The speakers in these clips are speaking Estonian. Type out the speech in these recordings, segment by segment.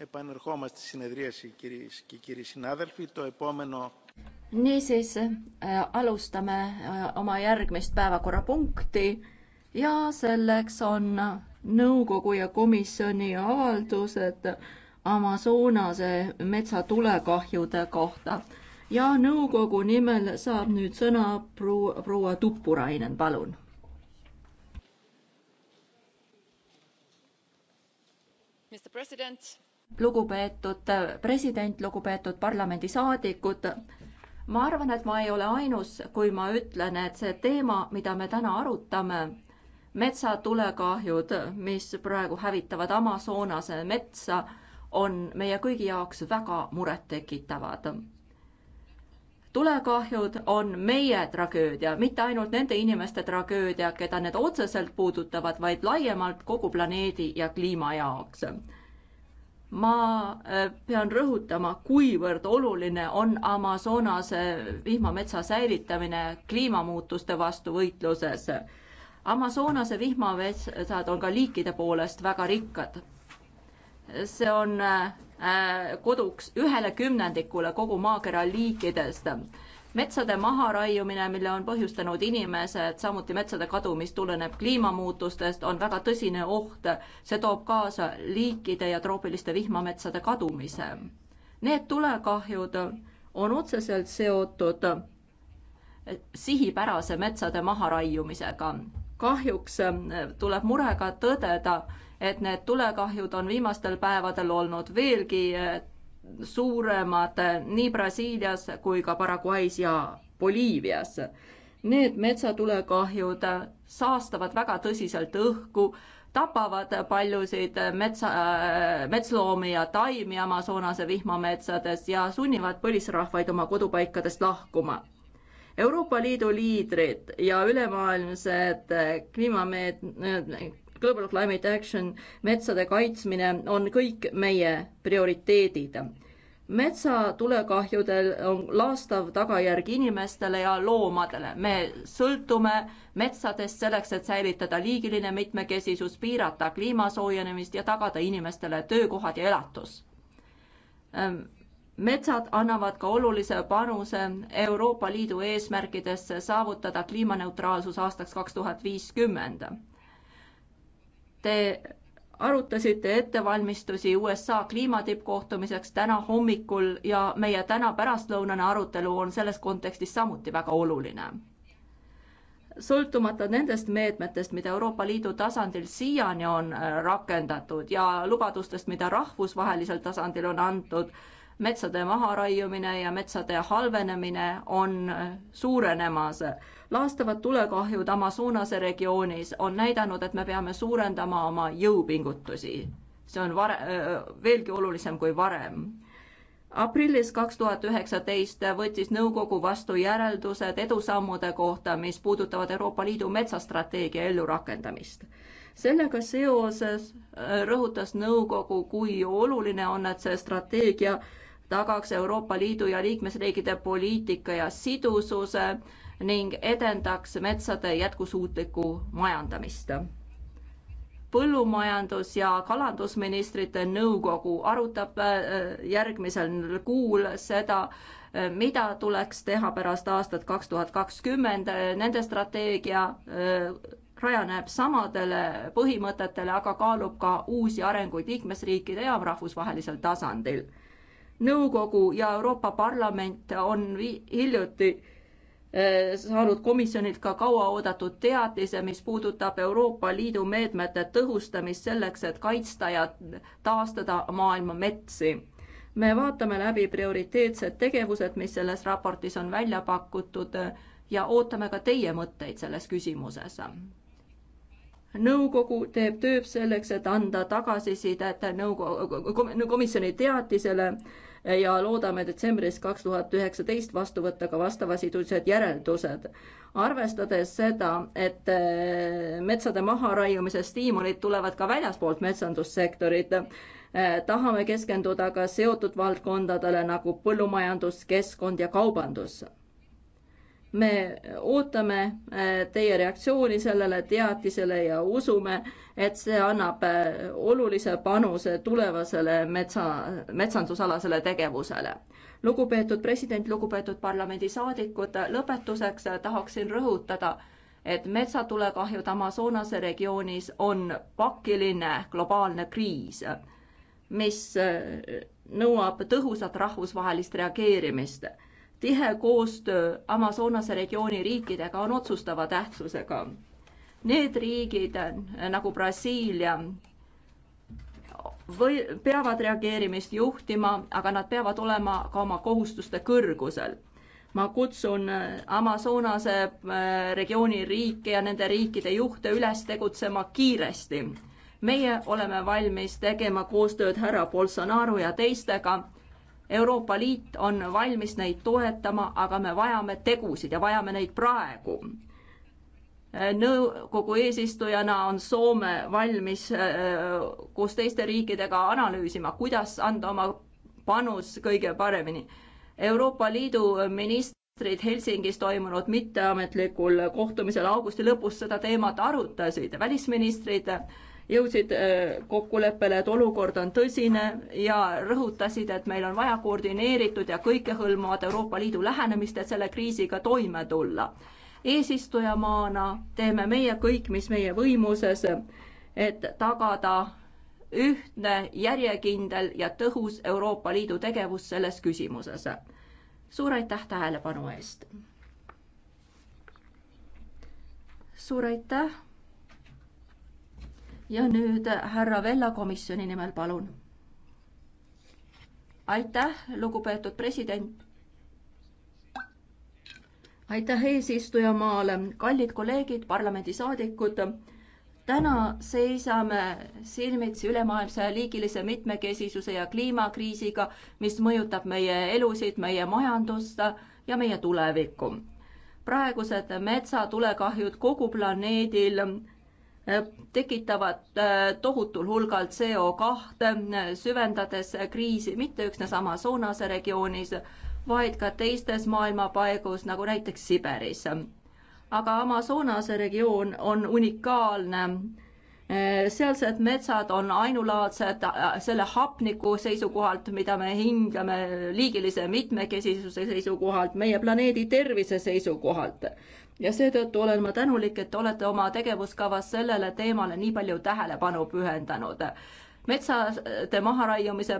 επανερχόμαστε στη συνεδρίαση κυρίες και κύριοι συνάδελφοι. Το επόμενο... Niisiis äh, alustame äh, oma järgmist päevakorrapunkti ja selleks on äh, nõukogu ja komisjoni avaldused Amazonase metsatulekahjude kohta. ja nõukogu nimel saab nüüd sõna proua, proua Tuppurainen, palun mr president lugupeetud president, lugupeetud parlamendisaadikud. ma arvan, et ma ei ole ainus, kui ma ütlen, et see teema, mida me täna arutame, metsatulekahjud, mis praegu hävitavad Amazonase metsa, on meie kõigi jaoks väga murettekitavad tulekahjud on meie tragöödia, mitte ainult nende inimeste tragöödia, keda need otseselt puudutavad, vaid laiemalt kogu planeedi ja kliima jaoks ma äh, pean rõhutama, kuivõrd oluline on Amazonase vihmametsa säilitamine kliimamuutuste vastu võitluses. Amazonase vihmametsad on ka liikide poolest väga rikkad. see on äh, koduks ühele kümnendikule kogu maakera liikidest metsade maharaiumine, mille on põhjustanud inimesed, samuti metsade kadu, mis tuleneb kliimamuutustest, on väga tõsine oht. see toob kaasa liikide ja troopiliste vihmametsade kadumise. Need tulekahjud on otseselt seotud sihipärase metsade maharaiumisega. kahjuks tuleb murega tõdeda, et need tulekahjud on viimastel päevadel olnud veelgi suuremad nii Brasiilias kui ka Paraguay's ja Boliivias. Need metsatulekahjud saastavad väga tõsiselt õhku, tapavad paljusid metsa, metsloomi ja taimi Amazonase vihmametsades ja sunnivad põlisrahvaid oma kodupaikadest lahkuma Euroopa Liidu liidrid ja ülemaailmsed kliimameet-, Global Climate Action, metsade kaitsmine on kõik meie prioriteedid. metsatulekahjudel on laastav tagajärg inimestele ja loomadele. me sõltume metsadest selleks, et säilitada liigiline mitmekesisus, piirata kliima soojenemist ja tagada inimestele töökohad ja elatus ehm, metsad annavad ka olulise panuse Euroopa Liidu eesmärkidesse saavutada kliimaneutraalsus aastaks kaks tuhat viiskümmend. Te arutasite ettevalmistusi USA kliimatippkohtumiseks täna hommikul ja meie täna pärastlõunane arutelu on selles kontekstis samuti väga oluline. sõltumata nendest meetmetest, mida Euroopa Liidu tasandil siiani on äh, rakendatud ja lubadustest, mida rahvusvahelisel tasandil on antud, metsade maharaiumine ja metsade halvenemine on suurenemas. laastavad tulekahjud Amazonase regioonis on näidanud, et me peame suurendama oma jõupingutusi. see on vare-, veelgi olulisem kui varem aprillis kaks tuhat üheksateist võttis nõukogu vastu järeldused edusammude kohta, mis puudutavad Euroopa Liidu metsastrateegia ellurakendamist. sellega seoses rõhutas nõukogu, kui oluline on, et see strateegia tagaks Euroopa Liidu ja liikmesriikide poliitika ja sidususe ning edendaks metsade jätkusuutlikku majandamist. põllumajandus- ja kalandusministrite nõukogu arutab äh, järgmisel kuul seda, äh, mida tuleks teha pärast aastat kaks tuhat kakskümmend, nende strateegia äh, rajaneb samadele põhimõtetele, aga kaalub ka uusi arenguid liikmesriikide ja rahvusvahelisel tasandil nõukogu ja Euroopa Parlament on hiljuti eh, saanud komisjonilt ka kauaoodatud teatise, mis puudutab Euroopa Liidu meetmete tõhustamist selleks, et kaitsta ja taastada maailma metsi. me vaatame läbi prioriteetsed tegevused, mis selles raportis on välja pakutud eh, ja ootame ka teie mõtteid selles küsimuses. nõukogu teeb tööd selleks, et anda tagasisidet nõukogu, komisjoni teatisele ja loodame detsembris kaks tuhat üheksateist vastu võtta ka vastavasisulised järeldused. arvestades seda, et eh, metsade maharaiumise stiimulid tulevad ka väljaspoolt metsandussektorit, eh, tahame keskenduda ka seotud valdkondadele nagu põllumajandus, keskkond ja kaubandus me ootame äh, teie reaktsiooni sellele teatisele ja usume, et see annab äh, olulise panuse tulevasele metsa, metsandusalasele tegevusele. lugupeetud president, lugupeetud parlamendisaadikud, lõpetuseks tahaksin rõhutada, et metsatulekahjud Amazonase regioonis on pakiline globaalne kriis, mis äh, nõuab tõhusat rahvusvahelist reageerimist tihe koostöö Amazonase regiooni riikidega on otsustava tähtsusega. Need riigid nagu Brasiilia või peavad reageerimist juhtima, aga nad peavad olema ka oma kohustuste kõrgusel. ma kutsun Amazonase äh, regiooni riike ja nende riikide juhte üles tegutsema kiiresti meie oleme valmis tegema koostööd härra Bolsonaro ja teistega Euroopa Liit on valmis neid toetama, aga me vajame tegusid ja vajame neid praegu. nõukogu eesistujana on Soome valmis äh, koos teiste riikidega analüüsima, kuidas anda oma panus kõige paremini. Euroopa Liidu ministrid Helsingis toimunud mitteametlikul kohtumisel augusti lõpus seda teemat arutasid, välisministrid jõudsid äh, kokkuleppele, et olukord on tõsine ja rõhutasid, et meil on vaja koordineeritud ja kõikehõlmavat Euroopa Liidu lähenemist, et selle kriisiga toime tulla. eesistujamaana teeme meie kõik, mis meie võimuses, et tagada ühtne, järjekindel ja tõhus Euroopa Liidu tegevus selles küsimuses. suur aitäh tähelepanu eest! suur aitäh! ja nüüd härra Vella komisjoni nimel, palun. aitäh, lugupeetud president. aitäh eesistujamaale, kallid kolleegid, parlamendisaadikud. täna seisame silmitsi ülemaailmse liigilise mitmekesisuse ja kliimakriisiga, mis mõjutab meie elusid, meie majandust ja meie tulevikku. praegused metsatulekahjud kogu planeedil Äh, tekitavad äh, tohutul hulgal CO kahte, äh, süvendades kriisi mitte üksnes Amazonase regioonis, vaid ka teistes maailma paigus, nagu näiteks Siberis. aga Amazonase regioon on unikaalne. sealsed metsad on ainulaadsed selle hapniku seisukohalt, mida me hingame, liigilise mitmekesisuse seisukohalt, meie planeedi tervise seisukohalt ja seetõttu olen ma tänulik, et te olete oma tegevuskavas sellele teemale nii palju tähelepanu pühendanud metsade maharaiumise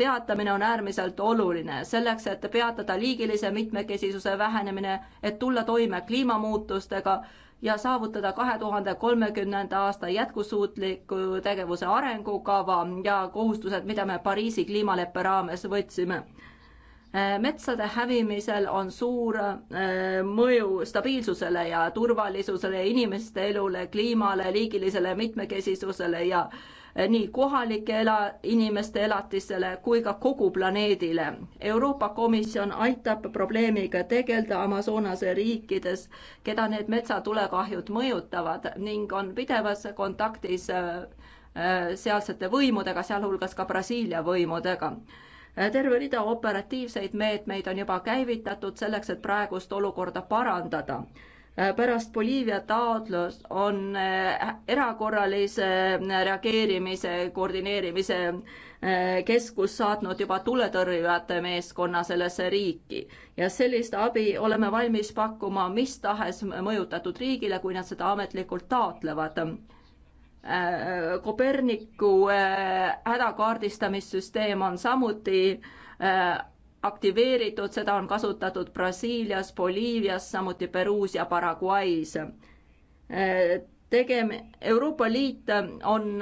peatamine on äärmiselt oluline selleks, et peatada liigilise mitmekesisuse vähenemine, et tulla toime kliimamuutustega ja saavutada kahe tuhande kolmekümnenda aasta jätkusuutliku tegevuse arengukava ja kohustused, mida me Pariisi kliimaleppe raames võtsime Äh, metsade hävimisel on suur äh, mõju stabiilsusele ja turvalisusele, inimeste elule, kliimale, liigilisele mitmekesisusele ja äh, nii kohalike ela-, inimeste elatisele kui ka kogu planeedile. Euroopa Komisjon aitab probleemiga tegeleda Amazonase riikides, keda need metsatulekahjud mõjutavad ning on pidevas kontaktis sealsete võimudega, sealhulgas ka Brasiilia võimudega Äh, terve rida operatiivseid meetmeid on juba käivitatud selleks, et praegust olukorda parandada äh, pärast Boliivia taotlust on äh, erakorralise reageerimise koordineerimise keskus saatnud juba tuletõrjujate meeskonna sellesse riiki ja sellist abi oleme valmis pakkuma mis tahes mõjutatud riigile, kui nad seda ametlikult taotlevad Äh, Koperniku äh, hädakaardistamissüsteem on samuti äh, aktiveeritud, seda on kasutatud Brasiilias, Boliivias, samuti Peruus ja Paraguay's. tegem-, Euroopa Liit on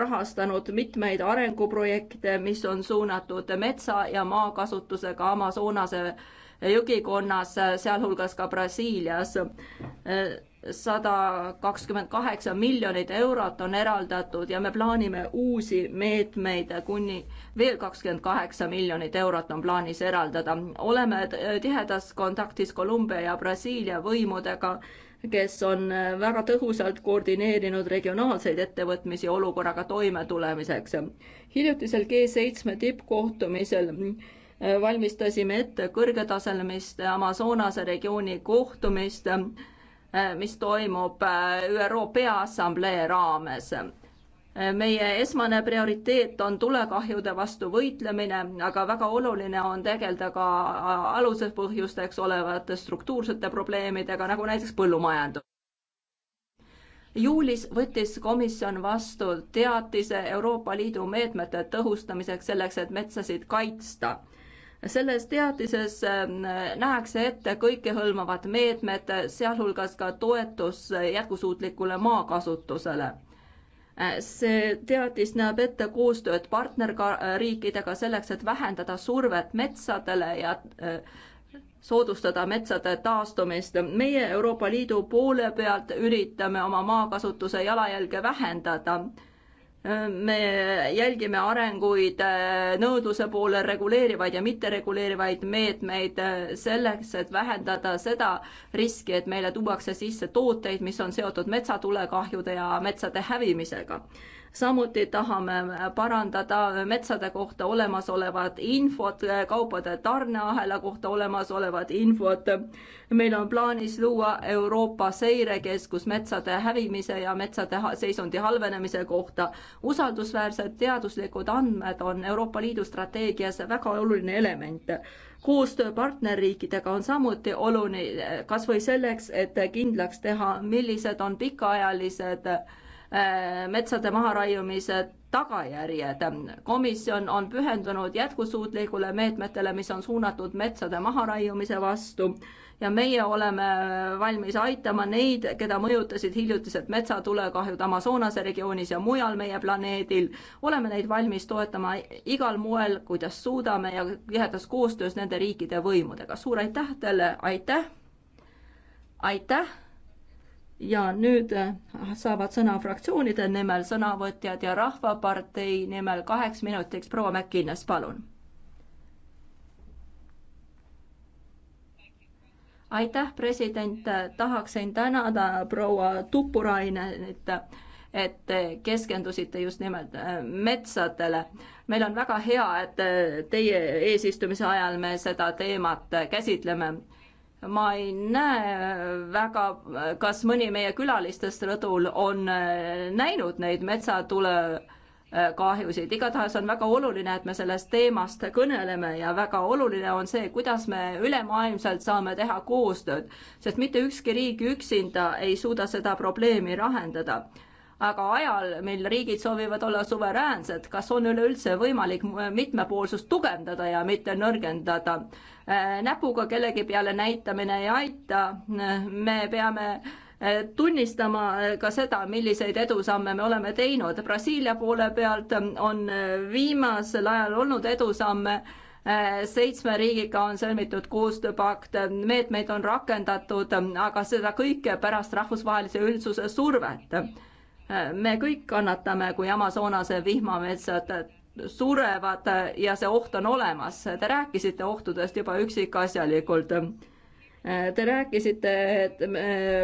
rahastanud mitmeid arenguprojekte, mis on suunatud metsa- ja maakasutusega Amazonase jõgikonnas, sealhulgas ka Brasiilias sada kakskümmend kaheksa miljonit eurot on eraldatud ja me plaanime uusi meetmeid, kuni veel kakskümmend kaheksa miljonit eurot on plaanis eraldada. oleme tihedas kontaktis Kolumbia ja Brasiilia võimudega, kes on väga tõhusalt koordineerinud regionaalseid ettevõtmisi olukorraga toimetulemiseks. hiljutisel G7 tippkohtumisel valmistasime ette kõrgetasemelist Amazonase regiooni kohtumist Äh, mis toimub äh, ÜRO Peaassamblee raames. Äh, meie esmane prioriteet on tulekahjude vastu võitlemine, aga väga oluline on tegeleda ka alused põhjusteks olevate struktuursete probleemidega, nagu näiteks põllumajandus juulis võttis komisjon vastu teatise Euroopa Liidu meetmete tõhustamiseks selleks, et metsasid kaitsta selles teatises ähm, nähakse ette kõikehõlmavad meetmed, sealhulgas ka toetus jätkusuutlikule maakasutusele. Äh, see teatis näeb ette koostööd partnerriikidega selleks, et vähendada survet metsadele ja äh, soodustada metsade taastumist. meie Euroopa Liidu poole pealt üritame oma maakasutuse jalajälge vähendada me jälgime arenguid äh, nõudluse poole reguleerivaid ja mittereguleerivaid meetmeid äh, selleks, et vähendada seda riski, et meile tuuakse sisse tooteid, mis on seotud metsatulekahjude ja metsade hävimisega samuti tahame parandada metsade kohta olemasolevat infot, kaupade tarneahela kohta olemasolevat infot. meil on plaanis luua Euroopa seirekeskus metsade hävimise ja metsade seisundi halvenemise kohta. usaldusväärsed teaduslikud andmed on Euroopa Liidu strateegias väga oluline element koostöö partnerriikidega on samuti oluline, kas või selleks, et kindlaks teha, millised on pikaajalised äh, Äh, metsade maharaiumise tagajärjed. komisjon on pühendunud jätkusuutlikule meetmetele, mis on suunatud metsade maharaiumise vastu ja meie oleme valmis aitama neid, keda mõjutasid hiljutised metsatulekahjud Amazonase regioonis ja mujal meie planeedil. oleme neid valmis toetama igal moel, kuidas suudame ja tihedas koostöös nende riikide võimudega. suur aitäh teile, aitäh! aitäh! ja nüüd äh, saavad sõna fraktsioonide nimel sõnavõtjad ja Rahvapartei nimel kaheks minutiks proua Mäkkinnas, palun. aitäh, president, tahaksin tänada proua Tupurainenit, et te keskendusite just nimelt äh, metsadele. meil on väga hea, et äh, teie eesistumise ajal me seda teemat käsitleme ma ei näe väga, kas mõni meie külalistest rõdul on äh, näinud neid metsatule äh, kahjusid, igatahes on väga oluline, et me sellest teemast kõneleme ja väga oluline on see, kuidas me ülemaailmselt saame teha koostööd, sest mitte ükski riik üksinda ei suuda seda probleemi lahendada. aga ajal, mil riigid soovivad olla suveräänsed, kas on üleüldse võimalik mitmepoolsust tugevdada ja mitte nõrgendada? Äh, näpuga kellegi peale näitamine ei aita, me peame äh, tunnistama äh, ka seda, milliseid edusamme me oleme teinud. Brasiilia poole pealt on viimasel ajal olnud edusamme, seitsme riigiga on sõlmitud koostööpakt, meetmeid on rakendatud, aga seda kõike pärast rahvusvahelise üldsuse survet. me kõik kannatame, kui Amazonase vihmametsad surevad ja see oht on olemas. Te rääkisite ohtudest juba üksikasjalikult. Te rääkisite, et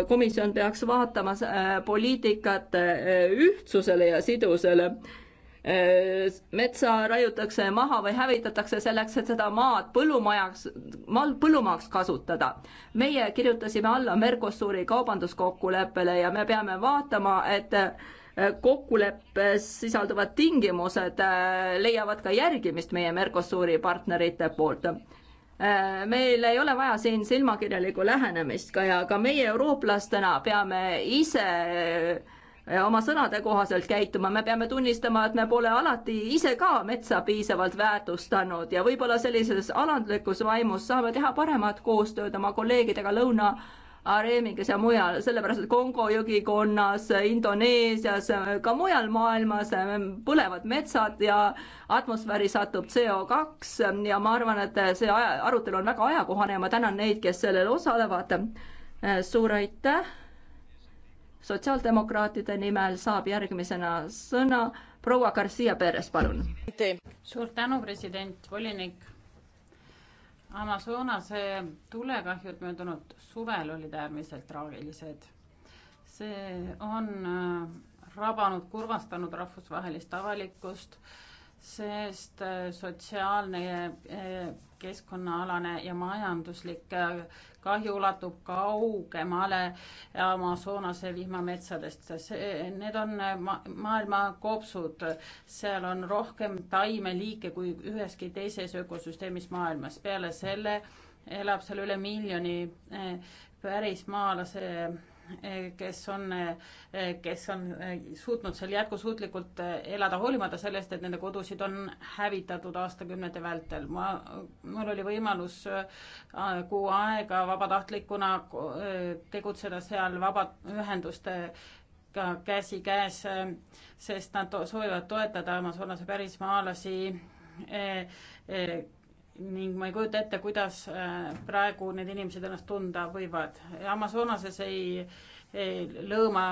komisjon peaks vaatama äh, poliitikat äh, ühtsusele ja sidusele. Äh, metsa raiutakse maha või hävitatakse selleks, et seda maad põllumajaks, maal põllumaaks kasutada. meie kirjutasime alla Mercosuri kaubanduskokkuleppele ja me peame vaatama, et Äh, kokkuleppes sisalduvad tingimused äh, leiavad ka järgimist meie Mercosuri partnerite poolt. Äh, meil ei ole vaja siin silmakirjalikku lähenemist ka ja ka meie eurooplastena peame ise oma sõnade kohaselt käituma, me peame tunnistama, et me pole alati ise ka metsa piisavalt väärtustanud ja võib-olla sellises alandlikus vaimus saame teha paremat koostööd oma kolleegidega Lõuna Areemikas ja mujal, sellepärast et Kongo jõgikonnas, Indoneesias, ka mujal maailmas ähm, põlevad metsad ja atmosfääri satub CO2 ähm, ja ma arvan, et see aja, arutelu on väga ajakohane ja ma tänan neid, kes sellel osalevad. Äh, suur aitäh. sotsiaaldemokraatide nimel saab järgmisena sõna proua Garcia Perez, palun. suur tänu, president, volinik Amazonase tulekahjud möödunud suvel olid äärmiselt traagilised. see on äh, rabanud, kurvastanud rahvusvahelist avalikkust, sest äh, sotsiaalne, äh, keskkonnaalane ja majanduslik kahju ulatub kaugemale Amazonase vihmametsadest. Need on ma maailma kopsud, seal on rohkem taimeliike kui üheski teises ökosüsteemis maailmas. peale selle elab seal üle miljoni eh, pärismaalase kes on, kes on suutnud seal jätkusuutlikult elada, hoolimata sellest, et nende kodusid on hävitatud aastakümnete vältel. ma, mul oli võimalus äh, kuu aega vabatahtlikuna äh, tegutseda seal vabaühenduste ka käsikäes, sest nad soovivad toetada Amazonase pärismaalasi äh, ning ma ei kujuta ette, kuidas äh, praegu need inimesed ennast tunda võivad. Amazonases ei, ei lõõma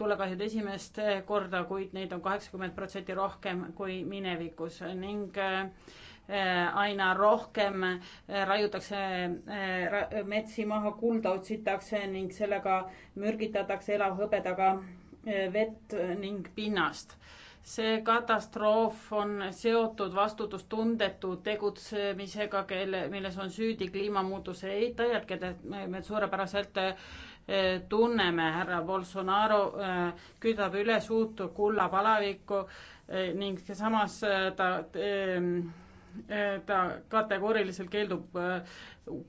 tulekahjud esimest äh, korda, kuid neid on kaheksakümmend protsenti rohkem kui minevikus ning äh, aina rohkem raiutakse metsi maha, kulda otsitakse ning sellega mürgitatakse elavhõbedaga vett ning pinnast see katastroof on seotud vastutustundetu tegutsemisega, kelle, milles on süüdi kliimamuutuse eitajad, keda me suurepäraselt eh, tunneme. härra Bolsonaro eh, kütab üles uut kullapalavikku eh, ning samas ta, ta kategooriliselt keeldub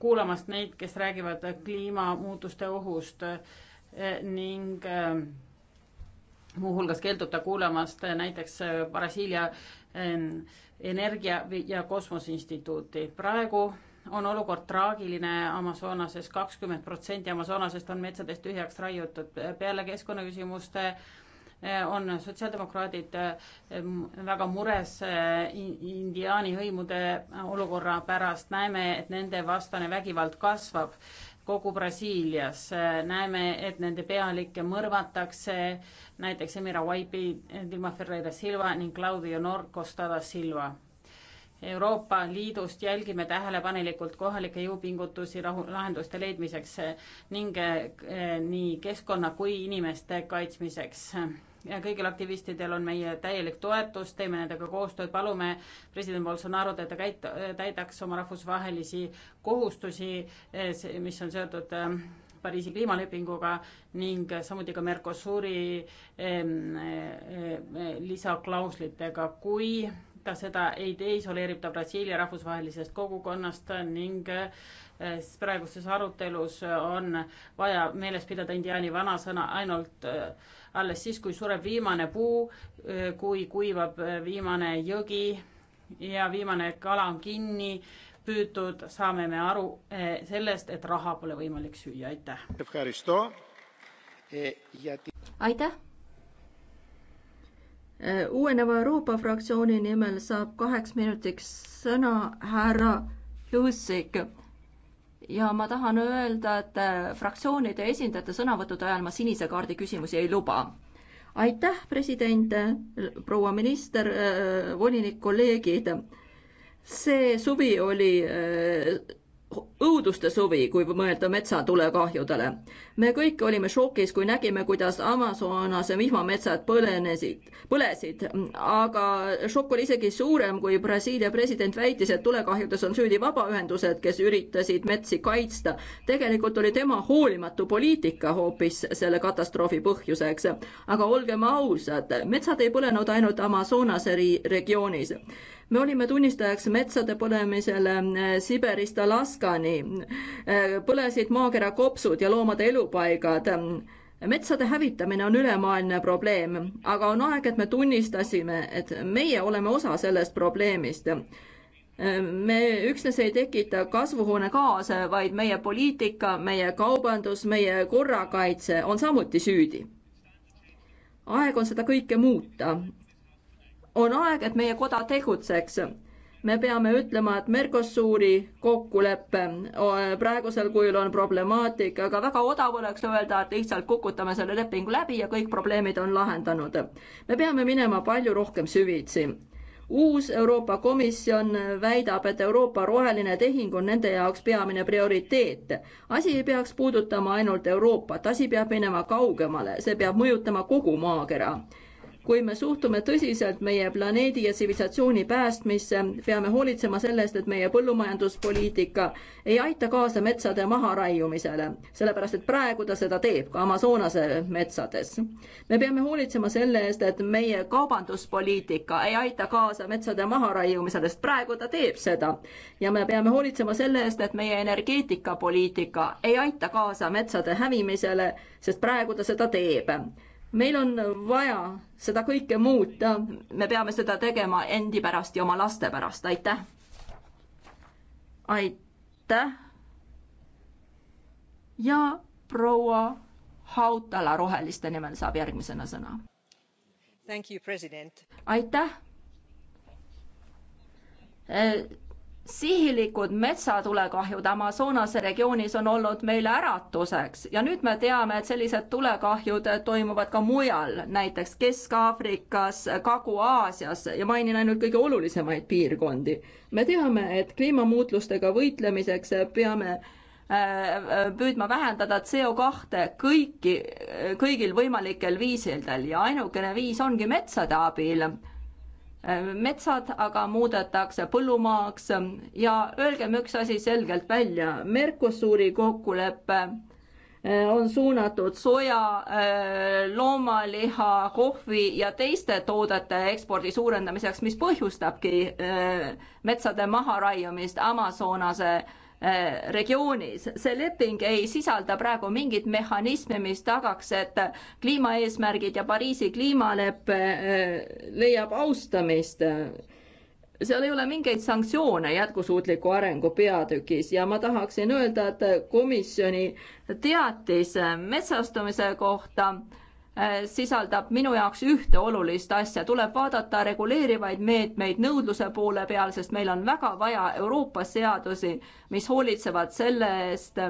kuulamast neid, kes räägivad kliimamuutuste ohust ning muuhulgas keeldub ta kuulamast näiteks äh, Brasiilia äh, Energia ja Kosmoseinstituuti. praegu on olukord traagiline Amazonases, kakskümmend protsenti Amazonasest on metsadest tühjaks raiutud. peale keskkonnaküsimuste äh, on sotsiaaldemokraadid väga mures indiaani hõimude olukorra pärast. näeme, et nende vastane vägivald kasvab kogu Brasiilias. näeme, et nende pealikke mõrvatakse, näiteks Emira Waipi, Dilma Ferreira Silva ning Claudio Norcosta da Silva. Euroopa Liidust jälgime tähelepanelikult kohalikke jõupingutusi rahu, lahenduste leidmiseks ning eh, nii keskkonna kui inimeste kaitsmiseks ja kõigil aktivistidel on meie täielik toetus, teeme nendega koostööd, palume president Bolsonaro't, et ta käit-, täidaks oma rahvusvahelisi kohustusi, eh, mis on seotud eh, Pariisi kliimalepinguga ning samuti ka Mercosuri eh, lisaklauslitega, kui ta seda ei tee, isoleerib ta Brasiilia rahvusvahelisest kogukonnast ning Eh, praeguses arutelus eh, on vaja meeles pidada indiaani vanasõna ainult eh, alles siis, kui sureb viimane puu, kui kuivab viimane jõgi ja viimane kala on kinni püütud, saame me aru sellest, et raha pole võimalik süüa, aitäh. aitäh. uueneva Euroopa fraktsiooni nimel saab kaheks minutiks sõna härra Jussik ja ma tahan öelda, et äh, fraktsioonide esindajate sõnavõttude ajal ma sinise kaardi küsimusi ei luba. aitäh, president, äh, proua minister, äh, volinik, kolleegid. see suvi oli õuduste suvi, kui mõelda metsatulekahjudele me kõik olime šokis, kui nägime, kuidas Amazonase vihmametsad põlenesid, põlesid, aga šokk oli isegi suurem, kui Brasiilia president väitis, et tulekahjudes on süüdi vabaühendused, kes üritasid metsi kaitsta. tegelikult oli tema hoolimatu poliitika hoopis selle katastroofi põhjuseks. aga olgem ausad, metsad ei põlenud ainult Amazonase regioonis me olime tunnistajaks metsade põlemisele Siberist Alaskani. põlesid maakera kopsud ja loomade elu elupaigad. metsade hävitamine on ülemaailmne probleem, aga on aeg, et me tunnistasime, et meie oleme osa sellest probleemist me üksnes ei tekita kasvuhoonegaase, vaid meie poliitika, meie kaubandus, meie korrakaitse on samuti süüdi. aeg on seda kõike muuta. on aeg, et meie koda tegutseks me peame ütlema, et Mercosuri kokkulepe praegusel kujul on problemaatik, aga väga odav oleks öelda, et lihtsalt kukutame selle lepingu läbi ja kõik probleemid on lahendanud. me peame minema palju rohkem süvitsi. uus Euroopa Komisjon väidab, et Euroopa roheline tehing on nende jaoks peamine prioriteet. asi ei peaks puudutama ainult Euroopat, asi peab minema kaugemale, see peab mõjutama kogu maakera kui me suhtume tõsiselt meie planeedi ja tsivilisatsiooni päästmisse, peame hoolitsema selle eest, et meie põllumajanduspoliitika ei aita kaasa metsade maharaiumisele, sellepärast et praegu ta seda teeb ka Amazonase metsades. me peame hoolitsema selle eest, et meie kaubanduspoliitika ei aita kaasa metsade maharaiumisele, sest praegu ta teeb seda. ja me peame hoolitsema selle eest, et meie energeetikapoliitika ei aita kaasa metsade hävimisele, sest praegu ta seda teeb meil on vaja seda kõike muuta, me peame seda tegema endi pärast ja oma laste pärast, aitäh. aitäh. ja proua Hautala Roheliste nimel saab järgmisena sõna. aitäh sihilikud metsatulekahjud Amazonase regioonis on olnud meile äratuseks ja nüüd me teame, et sellised tulekahjud toimuvad ka mujal, näiteks Kesk-Aafrikas, Kagu-Aasias ja mainin ainult kõige olulisemaid piirkondi. me teame, et kliimamuutustega võitlemiseks peame äh, püüdma vähendada CO kahte kõiki, kõigil võimalikel viisidel ja ainukene viis ongi metsade abil metsad aga muudetakse põllumaaks ja öelgem üks asi selgelt välja, Mercosuri kokkulepe äh, on suunatud soja, äh, loomaliha, kohvi ja teiste toodete ekspordi suurendamiseks, mis põhjustabki äh, metsade maharaiumist Amazonase Äh, regioonis. see leping ei sisalda praegu mingit mehhanismi, mis tagaks, et kliimaeesmärgid ja Pariisi kliimalepe äh, leiab austamist seal ei ole mingeid sanktsioone jätkusuutliku arengu peatükis ja ma tahaksin öelda, et komisjoni teatis metsastumise kohta äh, Äh, sisaldab minu jaoks ühte olulist asja, tuleb vaadata reguleerivaid meetmeid nõudluse poole peal, sest meil on väga vaja Euroopas seadusi, mis hoolitsevad selle eest,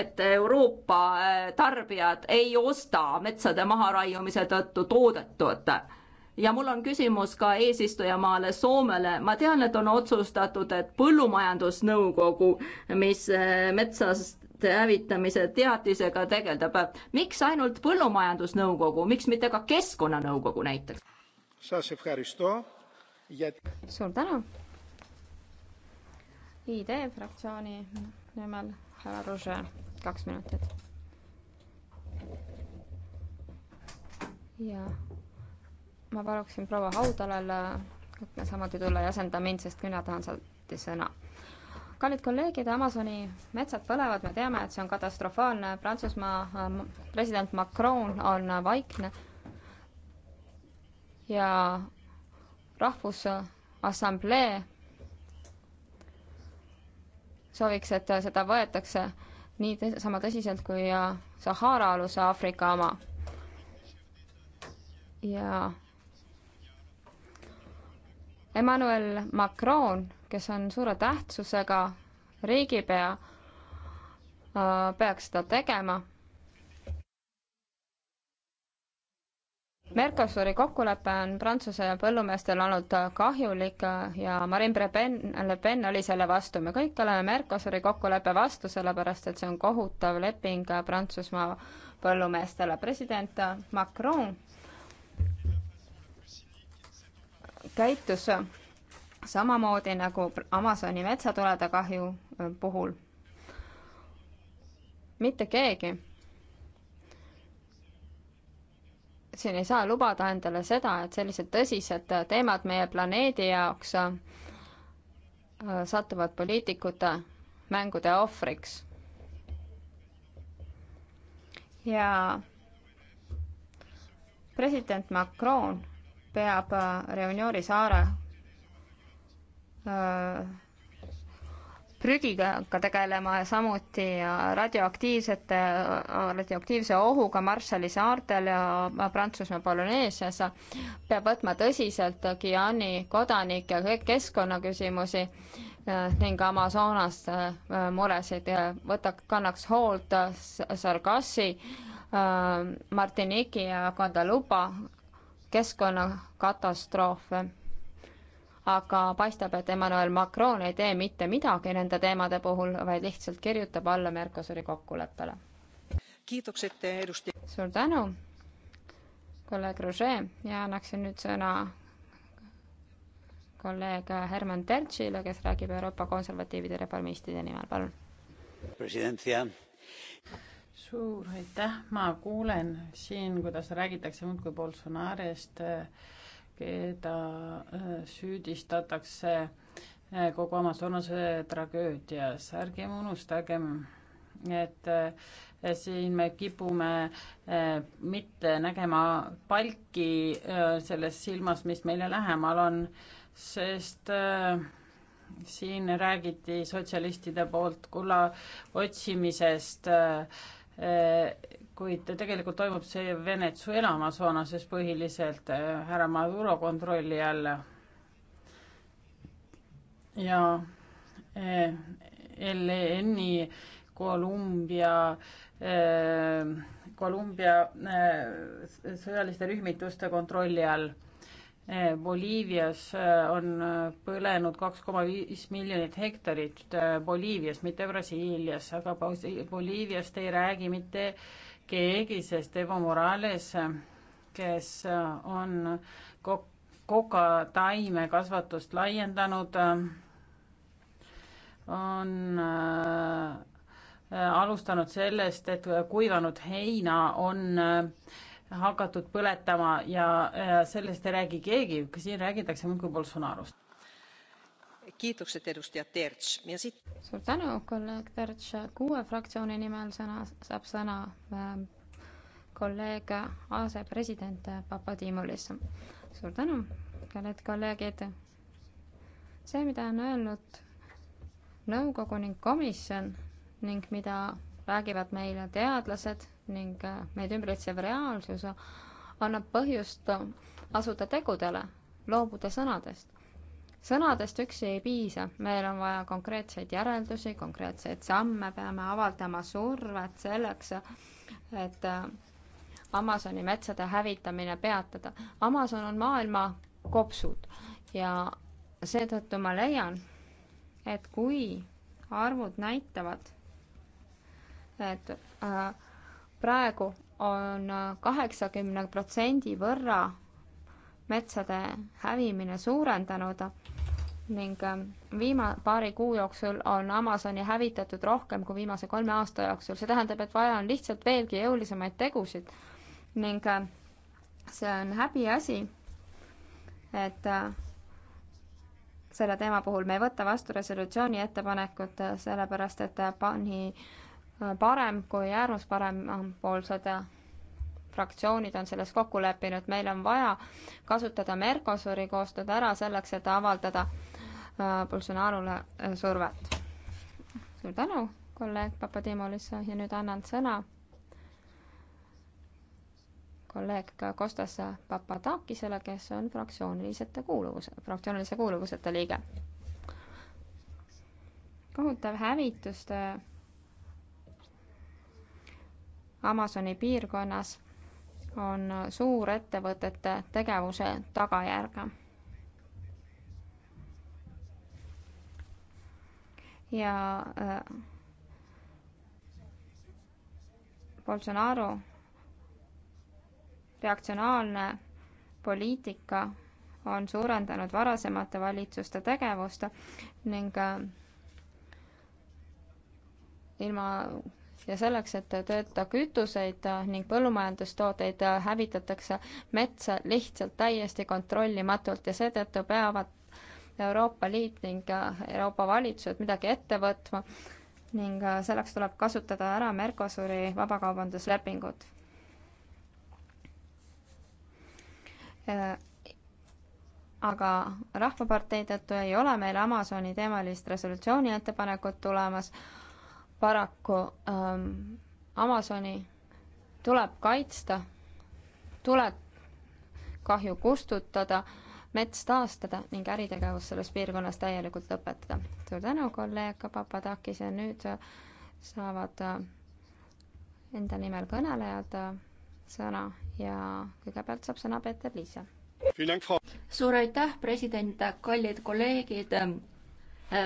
et Euroopa äh, tarbijad ei osta metsade maharaiumise tõttu toodetut ja mul on küsimus ka eesistujamaale Soomele. ma tean, et on otsustatud, et põllumajandusnõukogu, mis äh, metsast loomade hävitamise teatisega tegeldab. miks ainult Põllumajandusnõukogu, miks mitte ka Keskkonnanõukogu näiteks? suur tänu. ID fraktsiooni nimel härra Rože, kaks minutit. ja ma paluksin proua Haudalale samuti tulla ja asenda mind, sest mina tahan saada sõna kallid kolleegid, Amazoni metsad põlevad, me teame, et see on katastrofaalne, Prantsusmaa ähm, president Macron on vaikne ja Rahvusassamblee sooviks, et seda võetakse nii tõ sama tõsiselt kui äh, Sahara-aluse Aafrika oma. ja Emmanuel Macron, kes on suure tähtsusega riigipea, äh, peaks seda tegema. Mercosuri kokkulepe on Prantsuse põllumeestel olnud kahjulik ja Marine Le Pen oli selle vastu. me kõik oleme Mercosuri kokkuleppe vastu, sellepärast et see on kohutav leping Prantsusmaa põllumeestele. president Macron käitus samamoodi nagu Amazoni metsatulede kahju puhul. mitte keegi siin ei saa lubada endale seda, et sellised tõsised teemad meie planeedi jaoks äh, satuvad poliitikute mängude ohvriks. ja president Macron peab äh, Reuniori saare äh, prügiga tegelema ja samuti äh, radioaktiivsete, radioaktiivse ohuga Marshalli saartel ja Prantsusmaa Polüneesias. peab võtma tõsiselt Guyani kodanike keskkonnaküsimusi ning Amazonas muresid, võta, kannaks hoolt Sargassi, Martinici ja Guadalupe keskkonnakatastroofe. aga paistab, et Emmanuel Macron ei tee mitte midagi nende teemade puhul, vaid lihtsalt kirjutab alla Mercosuri kokkuleppele. suur tänu, kolleeg Roger ja annaksin nüüd sõna kolleeg Herman Tertšile, kes räägib Euroopa konservatiivide reformistide nimel, palun suur aitäh, ma kuulen siin, kuidas räägitakse muudkui Bolsonarost, keda äh, süüdistatakse äh, kogu Amazonase tragöödias, ärgem unustagem, et äh, siin me kipume mitte nägema palki selles silmas, mis meile lähemal on, sest siin räägiti sotsialistide poolt kulla otsimisest äh, Äh, kuid tegelikult toimub see Venezuela Amazonases põhiliselt äh, härra Maduro kontrolli all. ja äh, LN-i e Kolumbia, Kolumbia sõjaliste rühmituste kontrolli all Eh, Boliivias eh, on eh, põlenud kaks koma viis miljonit hektarit Boliivias, mitte Brasiilias, aga Boliiviast ei räägi mitte keegi, sest Evo Morales, kes on kok-, kokataime kasvatust laiendanud, on alustanud sellest, et kuivanud heina on hakatud põletama ja, ja sellest ei räägi keegi, siin räägitakse muudkui Bolsonarost. kiitukset edustaja Terts ja siit. suur tänu, kolleeg Terts, kuue fraktsiooni nimel sõna, saab sõna äh, kolleeg asepresident Papadimulis. suur tänu, kallid kolleegid. see, mida on öelnud nõukogu ning komisjon ning mida räägivad meile teadlased ning äh, meid ümbritsev reaalsus annab põhjust asuda tegudele, loobuda sõnadest. sõnadest üksi ei piisa, meil on vaja konkreetseid järeldusi, konkreetseid samme, peame avaldama survet selleks, et äh, Amazoni metsade hävitamine peatada. Amazon on maailma kopsud ja seetõttu ma leian, et kui arvud näitavad, et äh, praegu on kaheksakümne protsendi võrra metsade hävimine suurendanud ning äh, viima-, paari kuu jooksul on Amazoni hävitatud rohkem kui viimase kolme aasta jooksul, see tähendab, et vaja on lihtsalt veelgi jõulisemaid tegusid ning äh, see on häbiasi, et äh, selle teema puhul me ei võta vastu resolutsiooni ettepanekut, sellepärast et pani parem kui äärmusparempoolsed fraktsioonid on selles kokku leppinud, meil on vaja kasutada Mercosuri koostööd ära selleks, et avaldada äh, Bolsonaro'le äh, survet. suur tänu, kolleeg Papadimolis ja nüüd annan sõna kolleeg Kostas Papadakisele, kes on fraktsioonilisete kuuluvuse, fraktsioonilise kuuluvuseta liige. kohutav hävitustöö Amazoni piirkonnas on suurettevõtete tegevuse tagajärg. ja äh, Bolsonaro reaktsionaalne poliitika on suurendanud varasemate valitsuste tegevust ning äh, ilma ja selleks, et tööta kütuseid ning põllumajandustooteid, hävitatakse metsa lihtsalt täiesti kontrollimatult ja seetõttu peavad Euroopa Liit ning Euroopa valitsused midagi ette võtma ning selleks tuleb kasutada ära Mercosuri vabakaubanduslepingud. Äh, aga Rahvapartei tõttu ei ole meil Amazoni teemalist resolutsiooni ettepanekut tulemas paraku ähm, Amazoni tuleb kaitsta, tuleb kahju kustutada, mets taastada ning äritegevus selles piirkonnas täielikult lõpetada. suur tänu, kolleeg Papadakis ja nüüd saavad äh, enda nimel kõnelejad äh, sõna ja kõigepealt saab sõna Peeter Liise. suur aitäh, president, kallid kolleegid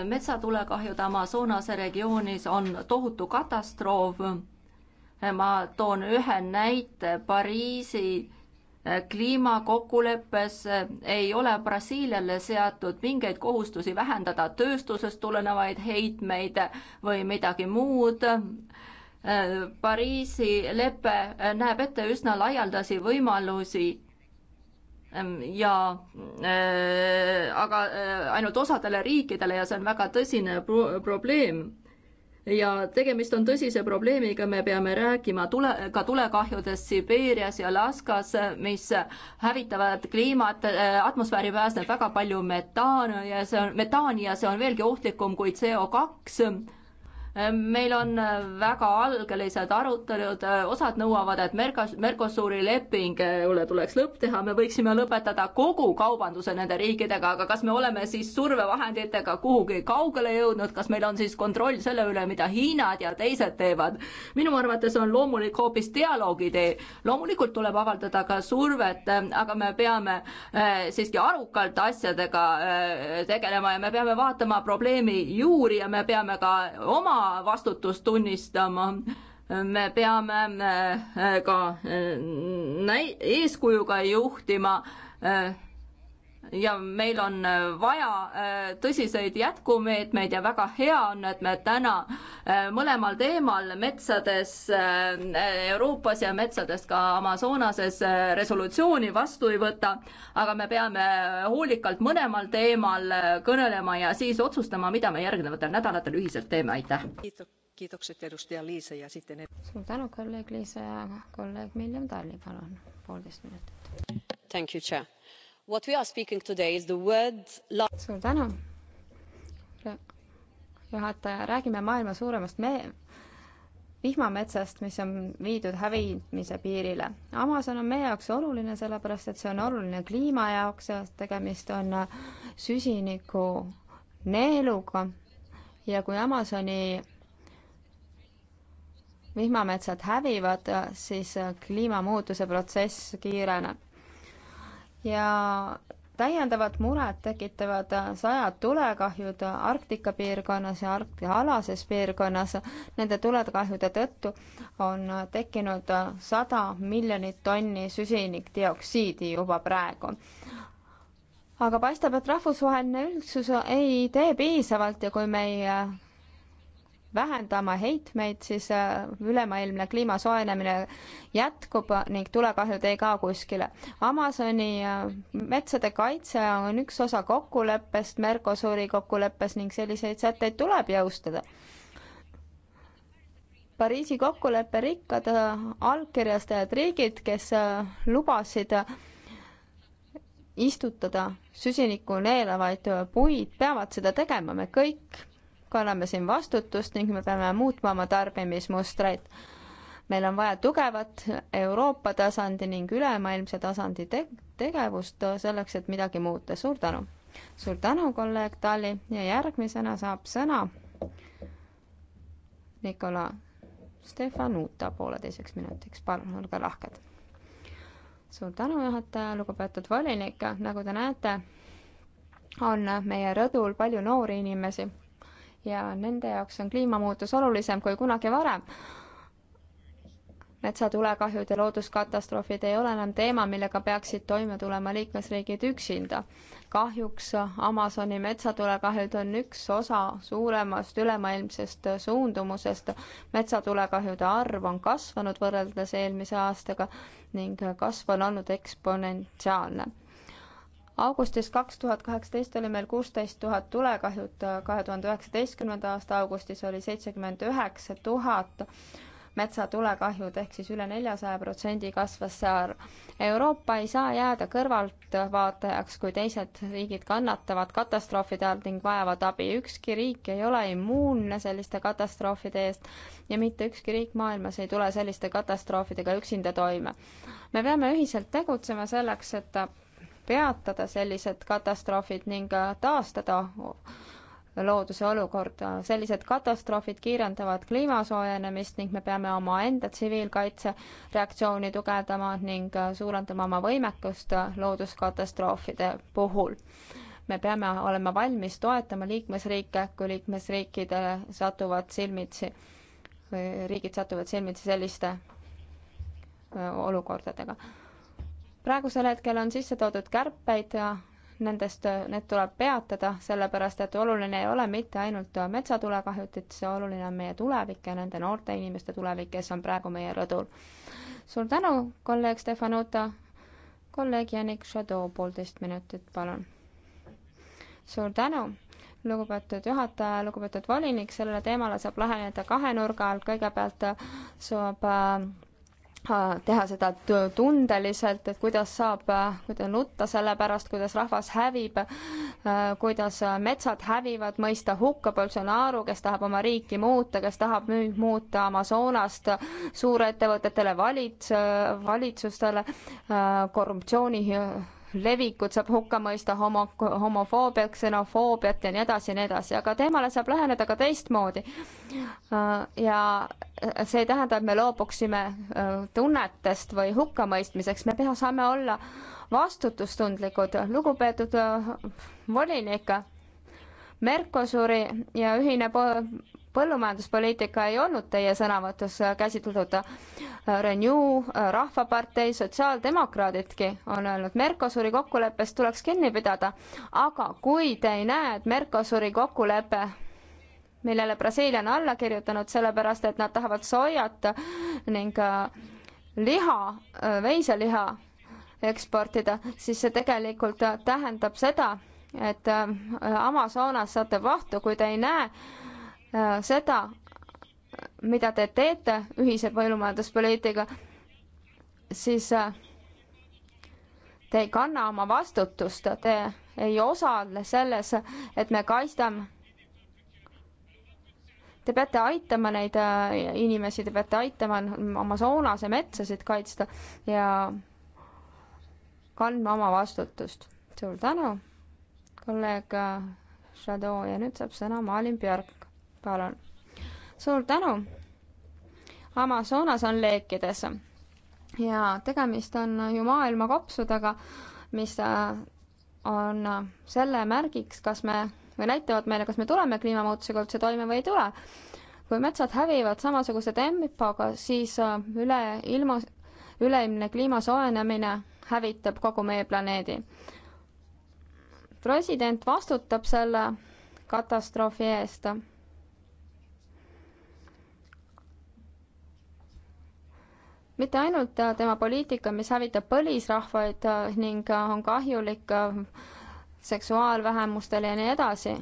metsatulekahjud Amazonase regioonis on tohutu katastroof. ma toon ühe näite, Pariisi eh, kliimakokkuleppes eh, ei ole Brasiiliale seatud mingeid kohustusi vähendada tööstusest tulenevaid heitmeid või midagi muud. Eh, Pariisi lepe näeb ette üsna laialdasi võimalusi Ehm, ja äh, aga äh, ainult osadele riikidele ja see on väga tõsine pro probleem. ja tegemist on tõsise probleemiga, me peame rääkima tule, ka tulekahjudest Sibeerias ja Alaskas, mis hävitavad kliimat äh,, atmosfääri pääseb väga palju metaani ja see on, metaani ja see on veelgi ohtlikum kui CO kaks meil on äh, väga algelised arutelud, äh, osad nõuavad, et Mercos-, Mercosuri lepingule äh, tuleks lõpp teha, me võiksime lõpetada kogu kaubanduse nende riikidega, aga kas me oleme siis survevahenditega kuhugi kaugele jõudnud, kas meil on siis kontroll selle üle, mida Hiinad ja teised teevad? minu arvates on loomulik hoopis dialoogi tee. loomulikult tuleb avaldada ka survet, aga me peame siiski arukalt asjadega tegelema ja me peame vaatama probleemi juuri ja me peame ka oma oma vastutust tunnistama. me peame äh, ka äh, eeskujuga juhtima äh, ja meil on äh, vaja äh, tõsiseid jätkumeetmeid ja väga hea on, et me täna äh, mõlemal teemal metsades Euroopas ja metsades ka Amazonases resolutsiooni vastu ei võta, aga me peame hoolikalt mõlemal teemal kõnelema ja siis otsustama, mida me järgnevatel nädalatel ühiselt teeme, aitäh! suur tänu, kolleeg Liise ja kolleeg Miljan Talli, palun, poolteist minutit what we are speaking today is the world's suur tänu, juhataja, räägime maailma suuremast me-, vihmametsast, mis on viidud hävimise piirile. Amazon on meie jaoks oluline, sellepärast et see on oluline kliima jaoks ja tegemist on süsiniku neeluga ja kui Amazoni vihmametsad hävivad, siis kliimamuutuse protsess kiireneb ja täiendavat muret tekitavad sajad tulekahjud Arktika piirkonnas ja Arktika-alases piirkonnas. Nende tulekahjude tõttu on tekkinud sada miljonit tonni süsinikdioksiidi juba praegu. aga paistab, et rahvusvaheline üldsus ei tee piisavalt ja kui me ei vähendama heitmeid, siis äh, ülemaailmne kliima soojenemine jätkub ning tulekahjud ei kao kuskile. Amazoni äh, metsade kaitse on üks osa kokkuleppest, Mercosuri kokkuleppest ning selliseid sätteid tuleb jõustada. Pariisi kokkuleppe rikkad äh, allkirjastajad riigid, kes lubasid istutada süsinikku neelavaid puid, peavad seda tegema, me kõik kanname siin vastutust ning me peame muutma oma tarbimismustreid. meil on vaja tugevat Euroopa tasandi ning ülemaailmse tasandi te tegevust selleks, et midagi muuta. suur tänu! suur tänu, kolleeg Tali ja järgmisena saab sõna Nikola Stefanuta pooleteiseks minutiks, palun olge lahked. suur tänu, juhataja, lugupeetud volinik, nagu te näete, on meie rõdul palju noori inimesi ja nende jaoks on kliimamuutus olulisem kui kunagi varem. metsatulekahjud ja looduskatastroofid ei ole enam teema, millega peaksid toime tulema liikmesriigid üksinda. kahjuks Amazoni metsatulekahjud on üks osa suuremast ülemaailmsest suundumusest. metsatulekahjude arv on kasvanud võrreldes eelmise aastaga ning kasv on olnud eksponentsiaalne augustis kaks tuhat kaheksateist oli meil kuusteist tuhat tulekahjut, kahe tuhande üheksateistkümnenda aasta augustis oli seitsekümmend üheksa tuhat metsatulekahjud ehk siis üle neljasaja protsendi kasvas see arv. Euroopa ei saa jääda kõrvaltvaatajaks, kui teised riigid kannatavad katastroofide all ning vajavad abi. ükski riik ei ole immuunne selliste katastroofide eest ja mitte ükski riik maailmas ei tule selliste katastroofidega üksinda toime. me peame ühiselt tegutsema selleks, et peatada sellised katastroofid ning taastada looduse olukord. sellised katastroofid kiirendavad kliima soojenemist ning me peame omaenda tsiviilkaitsereaktsiooni tugevdama ning suurendama oma võimekust looduskatastroofide puhul. me peame olema valmis toetama liikmesriike, kui liikmesriikidele satuvad silmitsi, riigid satuvad silmitsi selliste olukordadega praegusel hetkel on sisse toodud kärpeid ja nendest, need tuleb peatada, sellepärast et oluline ei ole mitte ainult metsatulekahjutid, see oluline on meie tulevik ja nende noorte inimeste tulevik, kes on praegu meie rõdul. suur tänu, kolleeg Stefanuta. kolleeg Janik Šadov, poolteist minutit, palun. suur tänu lugupeetud juhataja, lugupeetud volinik, sellele teemale saab läheneda kahe nurga alt, kõigepealt saab äh, Äh, teha seda tundeliselt, et kuidas saab, äh, kuidas nutta selle pärast, kuidas rahvas hävib, äh, kuidas metsad hävivad, mõista hukka Bolsonaro, kes tahab oma riiki muuta, kes tahab nüüd muuta Amazonast suurettevõtetele, valits-, valitsustele, korruptsiooni levikut saab hukka mõista homo, homofoobia, ksenofoobiat ja nii edasi ja nii edasi, aga teemale saab läheneda ka teistmoodi. ja see ei tähenda, et me loobuksime äh, tunnetest või hukkamõistmiseks, me pea, saame olla vastutustundlikud, lugupeetud äh, volinik, Mercosuri ja ühine po-, põllumajanduspoliitika ei olnud teie sõnavõtus käsitletud. Renew, Rahvapartei, sotsiaaldemokraadidki on öelnud, Mercosuri kokkuleppest tuleks kinni pidada, aga kui te ei näe, et Mercosuri kokkulepe millele Brasiilia on alla kirjutanud, sellepärast et nad tahavad soojat ning äh, liha, äh, veiseliha eksportida, siis see tegelikult tähendab seda, et äh, Amazonas satub ohtu, kui te ei näe Äh, seda, mida te teete ühise põllumajanduspoliitika, siis äh, te ei kanna oma vastutust, te ei osale selles, et me kaitstame. Te peate aitama neid äh, inimesi, te peate aitama Amazonase metsasid kaitsta ja kandma oma vastutust. suur tänu, kolleeg Shadow ja nüüd saab sõna Malin Björk palun. suur tänu. Amazonas on leekides ja tegemist on ju maailma kopsudega, mis äh, on selle märgiks, kas me või näitavad meile, kas me tuleme kliimamuutusega üldse toime või ei tule. kui metsad hävivad samasuguse tempoga, siis äh, üle ilma, üleilmne kliima soojenemine hävitab kogu meie planeedi. president vastutab selle katastroofi eest mitte ainult äh, tema poliitika, mis hävitab põlisrahvaid äh, ning äh, on kahjulik seksuaalvähemustele ja nii edasi,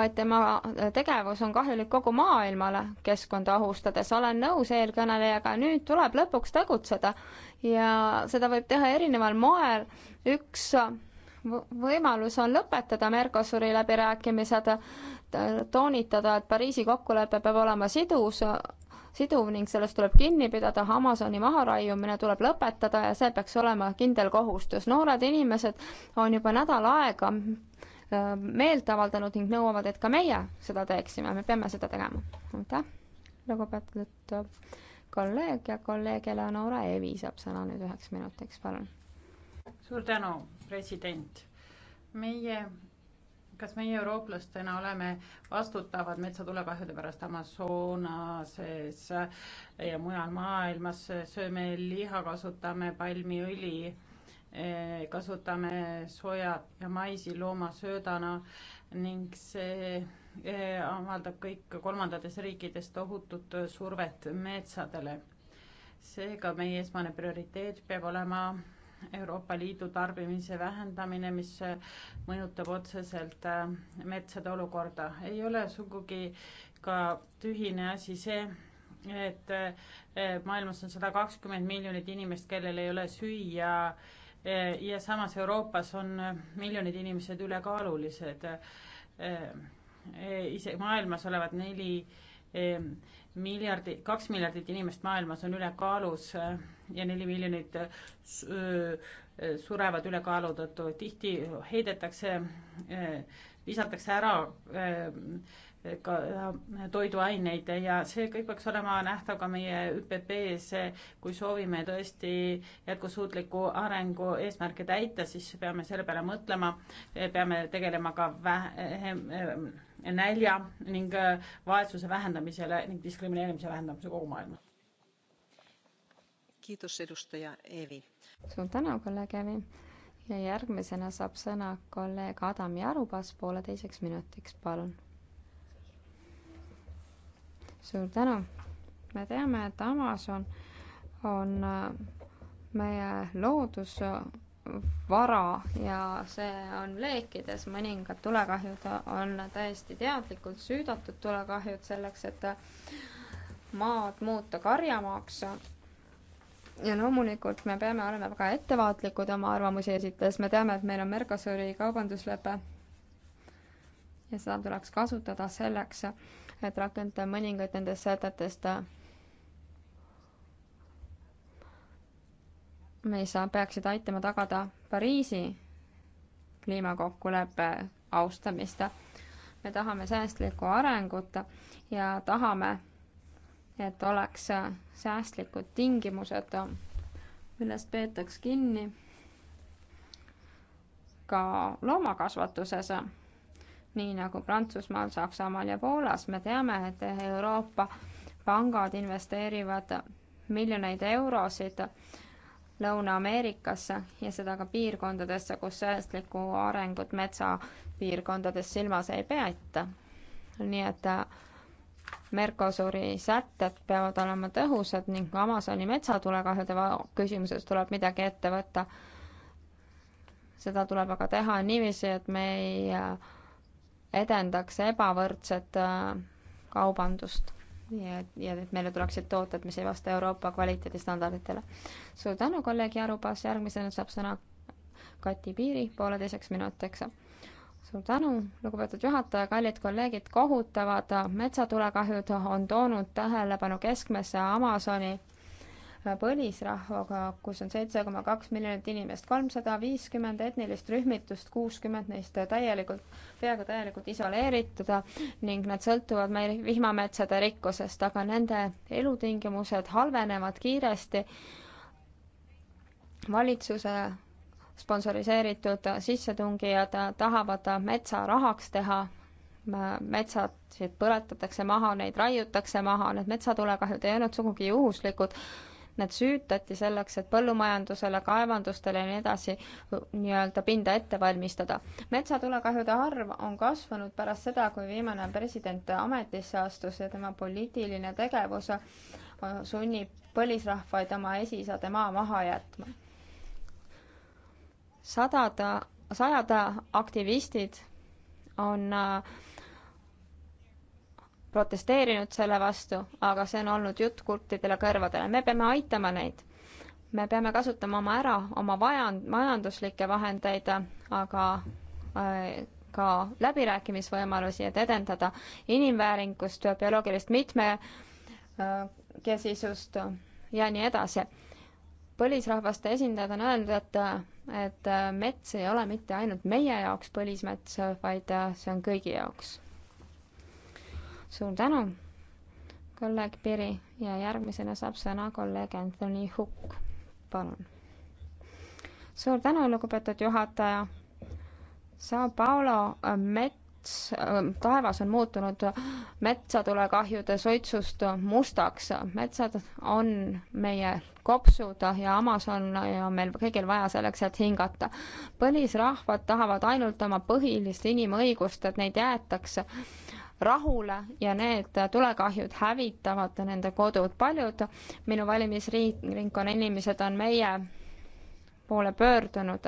vaid tema tegevus on kahjulik kogu maailmale keskkonda ohustades. olen nõus eelkõnelejaga, nüüd tuleb lõpuks tegutseda ja seda võib teha erineval moel. üks võimalus on lõpetada Mercosuri läbirääkimised, toonitada, et Pariisi kokkulepe peab olema sidus siduv ning sellest tuleb kinni pidada, Amazoni maharaiumine tuleb lõpetada ja see peaks olema kindel kohustus. noored inimesed on juba nädal aega äh, meelt avaldanud ning nõuavad, et ka meie seda teeksime, me peame seda tegema. aitäh, lugupeetud kolleeg ja kolleeg Eleonora Evi saab sõna nüüd üheks minutiks, palun. suur tänu, president. meie kas meie eurooplastena oleme vastutavad metsatulekahjude pärast Amazonases ja mujal maailmas, sööme liha, kasutame palmiõli, eh, kasutame soja ja maisi loomasöödana ning see eh, avaldab kõik kolmandates riikides tohutut survet metsadele. seega meie esmane prioriteet peab olema Euroopa Liidu tarbimise vähendamine, mis äh, mõjutab otseselt äh, metsade olukorda. ei ole sugugi ka tühine asi see, et äh, maailmas on sada kakskümmend miljonit inimest, kellel ei ole süüa ja samas Euroopas on miljonid inimesed ülekaalulised. ise maailmas olevat neli miljardi, kaks miljardit inimest maailmas on ülekaalus äh, ja neli miljonit äh, äh, surevad ülekaalu tõttu. tihti heidetakse visatakse ära eh, ka eh, toiduaineid ja see kõik peaks olema nähtav ka meie ÜPP-s, kui soovime tõesti jätkusuutliku arengu eesmärke täita, siis peame selle peale mõtlema, eh, peame tegelema ka vähem nälja ning vaesuse vähendamisele ning diskrimineerimise vähendamise kogu maailmas. suur tänu, kolleeg Evi ja järgmisena saab sõna kolleeg Adam Jarubas pooleteiseks minutiks, palun. suur tänu. me teame, et Amazon on äh, meie loodusvara ja see on leekides, mõningad tulekahjud on täiesti teadlikult süüdatud tulekahjud selleks, et äh, maad muuta karjamaaks ja loomulikult me peame olema väga ettevaatlikud oma arvamusi esitades, me teame, et meil on Mercosuri kaubanduslepe ja seda tuleks kasutada selleks, et rakendada mõningaid nendest sätetest, mis peaksid aitama tagada Pariisi kliimakokkuleppe austamist. me tahame säästlikku arengut ja tahame et oleks äh, säästlikud tingimused, millest peetaks kinni ka loomakasvatuses, nii nagu Prantsusmaal, Saksamaal ja Poolas. me teame, et Euroopa pangad investeerivad miljoneid eurosid Lõuna-Ameerikasse ja seda ka piirkondadesse, kus säästlikku arengut metsapiirkondades silmas ei peeta. nii et äh, Mercosuri sätted peavad olema tõhusad ning Amazoni metsatulekahjude küsimuses tuleb midagi ette võtta. seda tuleb aga teha niiviisi, et me ei äh, edendaks ebavõrdset äh, kaubandust ja, ja et meile tuleksid tooted, mis ei vasta Euroopa kvaliteedistandarditele. suur tänu, kolleeg Jarupas, järgmisena saab sõna Kati Piiri pooleteiseks minutiks suur tänu, lugupeetud juhataja, kallid kolleegid, kohutavad metsatulekahjud on toonud tähelepanu keskmesse Amazoni põlisrahvaga, kus on seitse koma kaks miljonit inimest, kolmsada viiskümmend etnilist rühmitust, kuuskümmend neist täielikult, peaaegu täielikult isoleeritud ning nad sõltuvad meil vihmametsade rikkusest, aga nende elutingimused halvenevad kiiresti. valitsuse sponsoriseeritud sissetungijad tahavad metsa rahaks teha, metsasid põletatakse maha, neid raiutakse maha, need metsatulekahjud ei olnud sugugi juhuslikud. Need süütati selleks, et põllumajandusele, kaevandustele ja nii edasi nii-öelda pinda ette valmistada. metsatulekahjude arv on kasvanud pärast seda, kui viimane president ametisse astus ja tema poliitiline tegevus sunnib põlisrahvaid oma esiisade maa maha jätma sadad, sajad aktivistid on äh, protesteerinud selle vastu, aga see on olnud jutt kurtidele kõrvadele, me peame aitama neid. me peame kasutama oma ära, oma vajand, majanduslikke vahendeid, aga äh, ka läbirääkimisvõimalusi, et edendada inimväärikust, bioloogilist mitmekesisust äh, ja nii edasi. põlisrahvaste esindajad on öelnud, et et äh, mets ei ole mitte ainult meie jaoks põlismets, vaid äh, see on kõigi jaoks. suur tänu, kolleeg Piri ja järgmisena saab sõna kolleeg Anthony Hook, palun. suur tänu, lugupeetud juhataja. Sao Paulo äh, mets mets, ähm, taevas on muutunud metsatulekahjude suitsust mustaks. metsad on meie kopsud ja Amazon ja meil kõigil vaja selleks, et hingata. põlisrahvad tahavad ainult oma põhilist inimõigust, et neid jäetakse rahule ja need tulekahjud hävitavad nende kodud. paljud minu valimisringkonna inimesed on meie poole pöördunud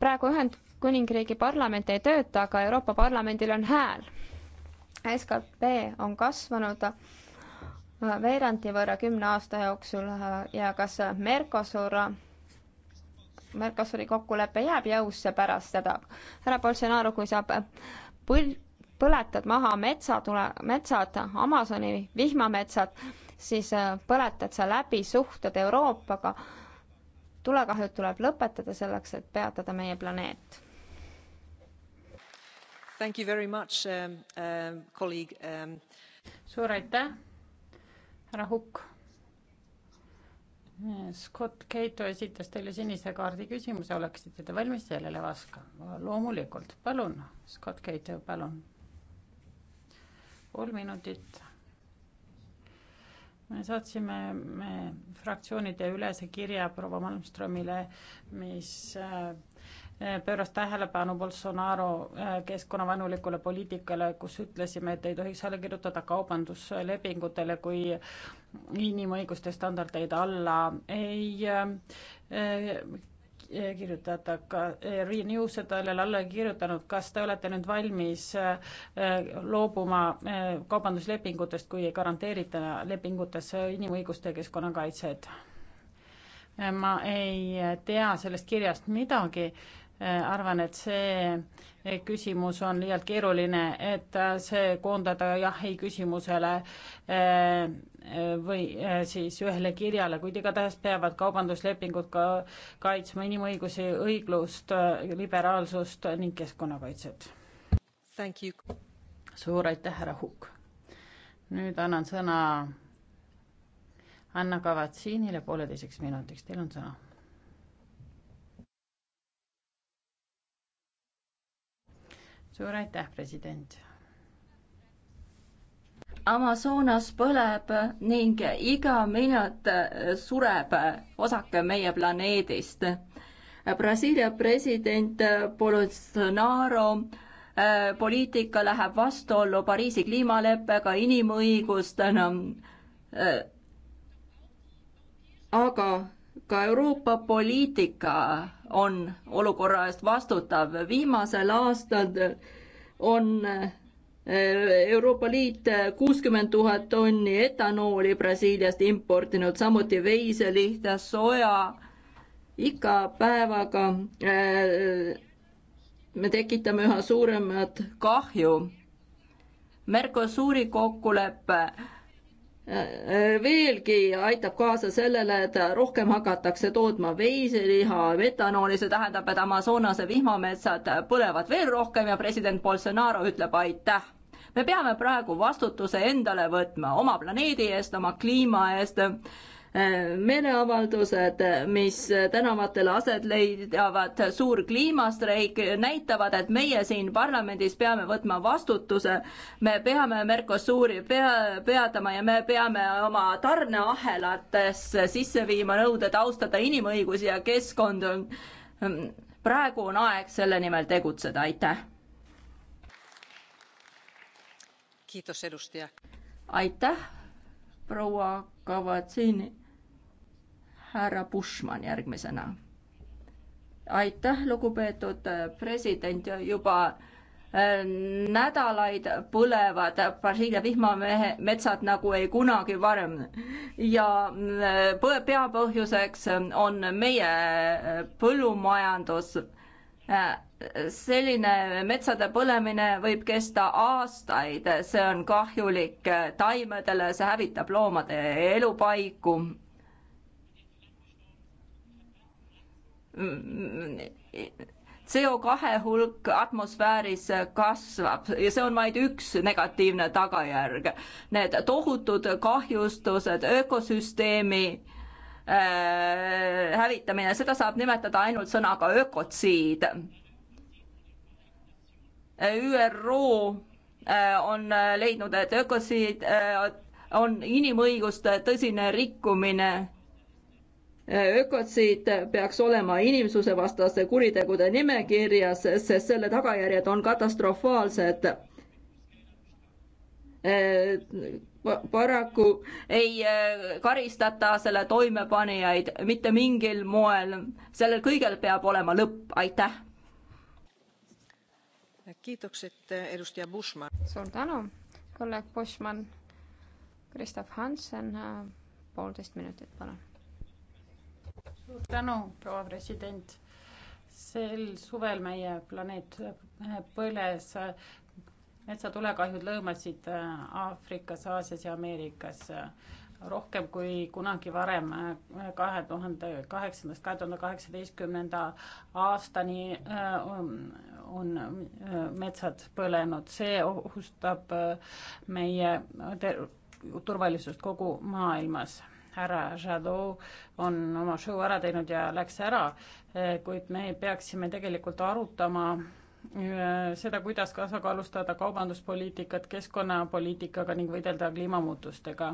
praegu ühend-, Kuningriigi parlament ei tööta, aga Euroopa Parlamendil on hääl. SKP on kasvanud äh, veerandi võrra kümne aasta jooksul äh, ja kas Mercosur, Mercosuri kokkulepe jääb jõusse pärast seda? härra Bolsonaro, kui sa põl-, põletad maha metsatule, metsad, Amazoni vihmametsad, siis äh, põletad sa läbi suhted Euroopaga. tulekahjud tuleb lõpetada selleks, et peatada meie planeet Um, um, um. suur aitäh, härra Hukk. Scott Cato esitas teile sinise kaardi küsimuse, oleksite te valmis sellele vastama? loomulikult, palun, Scott Cato, palun. kolm minutit. me saatsime me fraktsioonide ülese kirja proua Malmströmile, mis äh, Eh, pööras tähelepanu Bolsonaro eh, keskkonnavaenulikule poliitikale, kus ütlesime, et ei tohiks alla kirjutada kaubanduslepingutele, kui inimõiguste standardeid alla ei eh, kirjutada, ka Renew sellele alla ei kirjutanud, kas te olete nüüd valmis loobuma kaubanduslepingutest, kui ei garanteerita lepingutes inimõiguste ja keskkonnakaitset? ma ei tea sellest kirjast midagi Äh, arvan, et see äh, küsimus on liialt keeruline, et äh, see koondada jah-ei küsimusele või siis ühele kirjale, kuid igatahes peavad kaubanduslepingud ka kaitsma inimõigusi, õiglust, liberaalsust ning keskkonnakaitset. suur aitäh, härra Hukk. nüüd annan sõna Anna Kavatsiinile pooleteiseks minutiks, teil on sõna suur aitäh, president. Amazonas põleb ning iga minut sureb osake meie planeedist. Brasiilia president Bolsonaro äh, poliitika läheb vastuollu Pariisi kliimaleppega, inimõigustena. Äh, aga ka Euroopa poliitika on olukorra eest vastutav. viimasel aastal on eh, Euroopa Liit kuuskümmend tuhat tonni etanooli Brasiiliast importinud, samuti veiselihta, soja. iga päevaga eh, me tekitame üha suuremat kahju. Mercosuri kokkulepe Äh, veelgi aitab kaasa sellele, et rohkem hakatakse tootma veiseliha, metanooli, see tähendab, et Amazonase vihmametsad põlevad veel rohkem ja president Bolsonaro ütleb aitäh. me peame praegu vastutuse endale võtma oma planeedi eest, oma kliima eest meeleavaldused, mis tänavatele aset leidavad, suur kliimastreik, näitavad, et meie siin parlamendis peame võtma vastutuse, me peame Mercosuri pea, peatama ja me peame oma tarneahelatesse sisse viima nõuded austada inimõigusi ja keskkonda. praegu on aeg selle nimel tegutseda, aitäh! aitäh, proua Kavatsini härra Bushman järgmisena. aitäh, lugupeetud äh, president, juba äh, nädalaid põlevad Brasiilia vihmamehe metsad nagu ei kunagi varem ja äh, peapõhjuseks on meie põllumajandus. selline metsade põlemine võib kesta aastaid, see on kahjulik taimedele, see hävitab loomade elupaiku CO2 hulk atmosfääris kasvab ja see on vaid üks negatiivne tagajärg. Need tohutud kahjustused ökosüsteemi äh, hävitamine, seda saab nimetada ainult sõnaga ökotsiid. ÜRO äh, on äh, leidnud, et ökotsiid äh, on inimõiguste tõsine rikkumine ökotsiid peaks olema inimsusevastaste kuritegude nimekirjas, sest selle tagajärjed on katastrofaalsed. Äh, paraku ei äh, karistata selle toimepanijaid mitte mingil moel. sellel kõigel peab olema lõpp, aitäh. suur tänu, kolleeg Bushman. Kristof Hansen, äh, poolteist minutit, palun suur tänu, proua president. sel suvel meie planeet äh, põles, äh, metsatulekahjud lõõmasid äh, Aafrikas, Aasias ja Ameerikas rohkem kui kunagi varem kahe tuhande kaheksandast kahe tuhande kaheksateistkümnenda aastani on metsad põlenud, see ohustab meie turvalisust kogu maailmas härra Jadot on oma show ära teinud ja läks ära, eh, kuid me peaksime tegelikult arutama eh, seda, kuidas tasakaalustada kaubanduspoliitikat keskkonnapoliitikaga ning võidelda kliimamuutustega.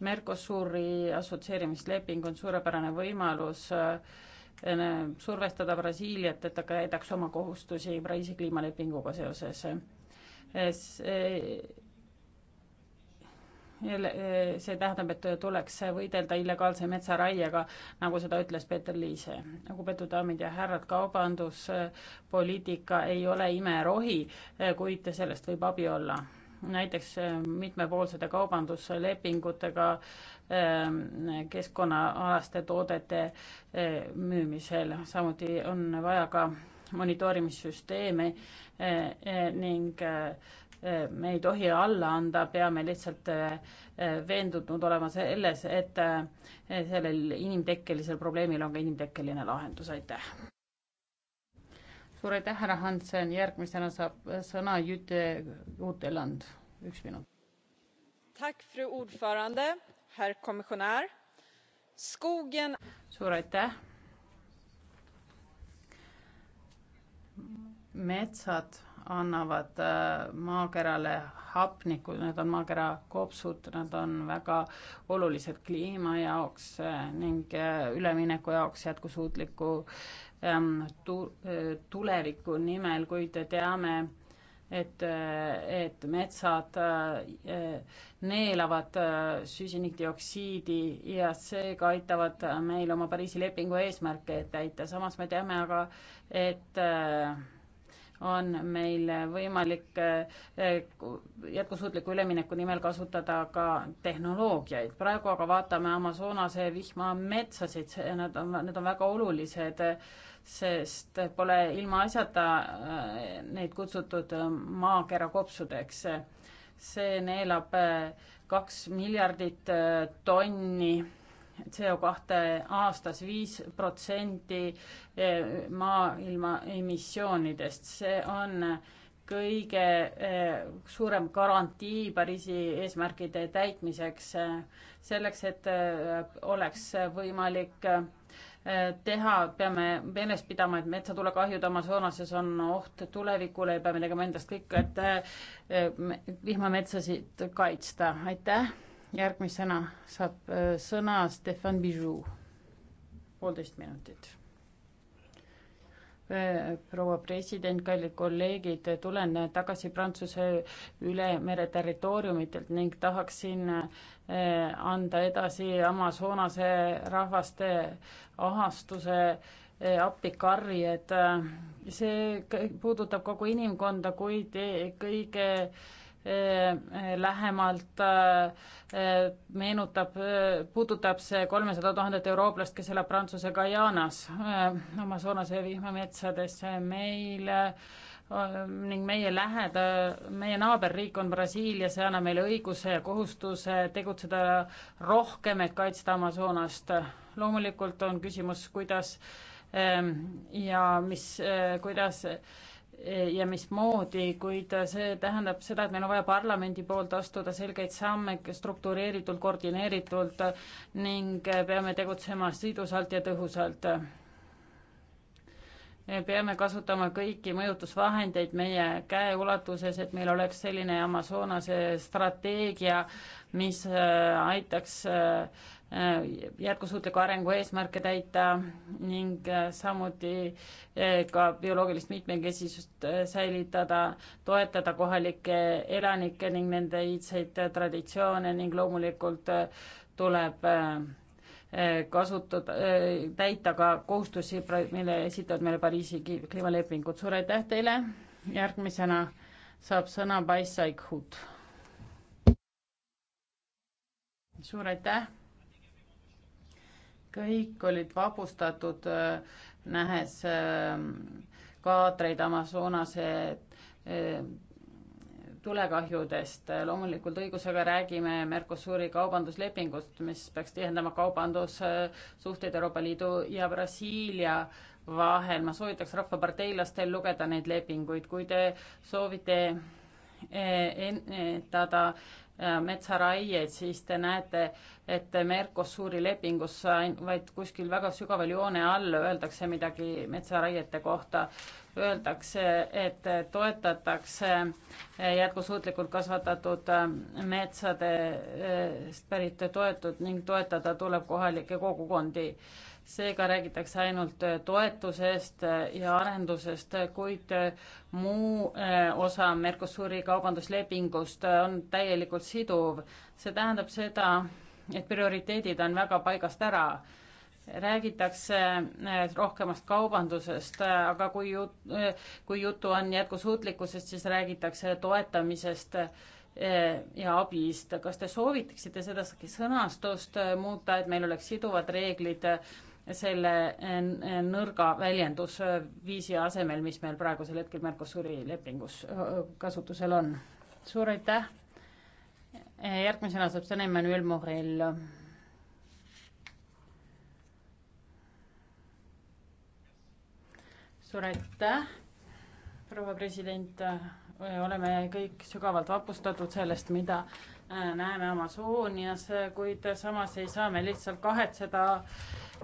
Mercosuri assotsieerimisleping on suurepärane võimalus eh, survestada Brasiiliat, et ta täidaks oma kohustusi Pariisi kliimalepinguga seoses. see Eh, see tähendab, et tuleks võidelda illegaalse metsaraiega, nagu seda ütles Peeter Liise. lugupeetud daamid ja härrad, kaubanduspoliitika ei ole imerohi, eh, kuid sellest võib abi olla. näiteks eh, mitmepoolsete kaubanduslepingutega keskkonnaalaste toodete müümisel, samuti on vaja ka monitoorimissüsteeme ning äh, Äh, me ei tohi alla anda, peame lihtsalt äh, äh, veendunud olema selles, et sellel inimtekkelisel probleemil on ka inimtekkeline lahendus, aitäh. suur aitäh, härra Hansen, järgmisena saab sõna Jüte Uuteland, üks minut. suur aitäh. metsad annavad äh, maakerale hapnikku, need on maakera kopsud, nad on väga olulised kliima jaoks äh, ning äh, ülemineku jaoks jätkusuutliku ähm, tu-, tuleviku nimel, kuid teame, et, et metsad neelavad süsinikdioksiidi ja seega aitavad meil oma Pariisi lepingu eesmärke täita, samas me teame aga, et on meil võimalik eh, jätkusuutliku ülemineku nimel kasutada ka tehnoloogiaid. praegu aga vaatame Amazonase vihmametsasid, nad on, need on väga olulised, sest pole ilmaasjata eh, neid kutsutud eh, maakera kopsudeks. see neelab kaks miljardit tonni CO kahte aastas viis protsenti eh, maailma emissioonidest, see on kõige eh, suurem garantii Pariisi eesmärkide täitmiseks, eh, selleks et oleks võimalik teha, peame meeles pidama, et metsatulekahjud Amazonases on oht tulevikule ja peame tegema endast kõik, et vihmametsasid kaitsta, aitäh järgmisena saab äh, sõna Stefan Bijou, poolteist minutit. Äh, proua president, kallid kolleegid, tulen tagasi Prantsuse üle mere territooriumitelt ning tahaksin äh, anda edasi Amazonase rahvaste ahastuse appikarjed. see puudutab kogu inimkonda, kuid kõige Äh, äh, lähemalt äh, meenutab, puudutab see kolmesada tuhandet eurooplast, kes elab Prantsuse Guyanas, Amazonase vihmametsades. meil ning meie läheda, meie naaberriik on Brasiilia, see annab meile õiguse ja kohustuse tegutseda rohkem, et kaitsta Amazonast. loomulikult on küsimus, kuidas ähm, ja mis, kuidas ja mismoodi, kuid see tähendab seda, et meil on vaja parlamendi poolt astuda selgeid samme struktureeritult, koordineeritult ning peame tegutsema sidusalt ja tõhusalt. peame kasutama kõiki mõjutusvahendeid meie käeulatuses, et meil oleks selline Amazonase strateegia, mis äh, aitaks äh, Äh, jätkusuutliku arengu eesmärke täita ning äh, samuti äh, ka bioloogilist mitmekesisust säilitada, toetada kohalikke elanikke ning nende iidseid traditsioone ning loomulikult tuleb kasutada, täita ka kohustusi, mille esitavad meile Pariisi kliimalepingud. suur aitäh teile, järgmisena saab sõna Baisaik Hut. suur aitäh kõik olid vapustatud, äh, nähes äh, kaadreid Amazonase äh, tulekahjudest. loomulikult õigusega räägime Mercosuri kaubanduslepingust, mis peaks tihendama kaubandussuhteid Euroopa Liidu ja Brasiilia vahel. ma soovitaks rahvaparteilastel lugeda neid lepinguid, kui te soovite Eh, ennetada eh, metsaraieid, siis te näete, et Mercosuri lepingus vaid kuskil väga sügaval joone all öeldakse midagi metsaraiete kohta. Öeldakse, et toetatakse eh, jätkusuutlikult kasvatatud metsadest pärit toetud ning toetada tuleb kohalikke kogukondi seega räägitakse ainult äh, toetusest äh, ja arendusest, äh, kuid muu osa Mercosuri kaubanduslepingust on täielikult siduv. see tähendab seda, et prioriteedid on väga paigast ära räägitakse rohkemast kaubandusest, aga kui jut-, kui juttu on jätkusuutlikkusest, siis räägitakse toetamisest ja abist. kas te soovitaksite seda sõnastust muuta, et meil oleks siduvad reeglid selle nõrga väljendusviisi asemel, mis meil praegusel hetkel Mercosuri lepingus kasutusel on. suur aitäh. järgmisena saab sõna Emmanuel Morel. suur aitäh, proua president. oleme kõik sügavalt vapustatud sellest, mida äh, näeme Amazonias, kuid samas ei saa me lihtsalt kahetseda äh,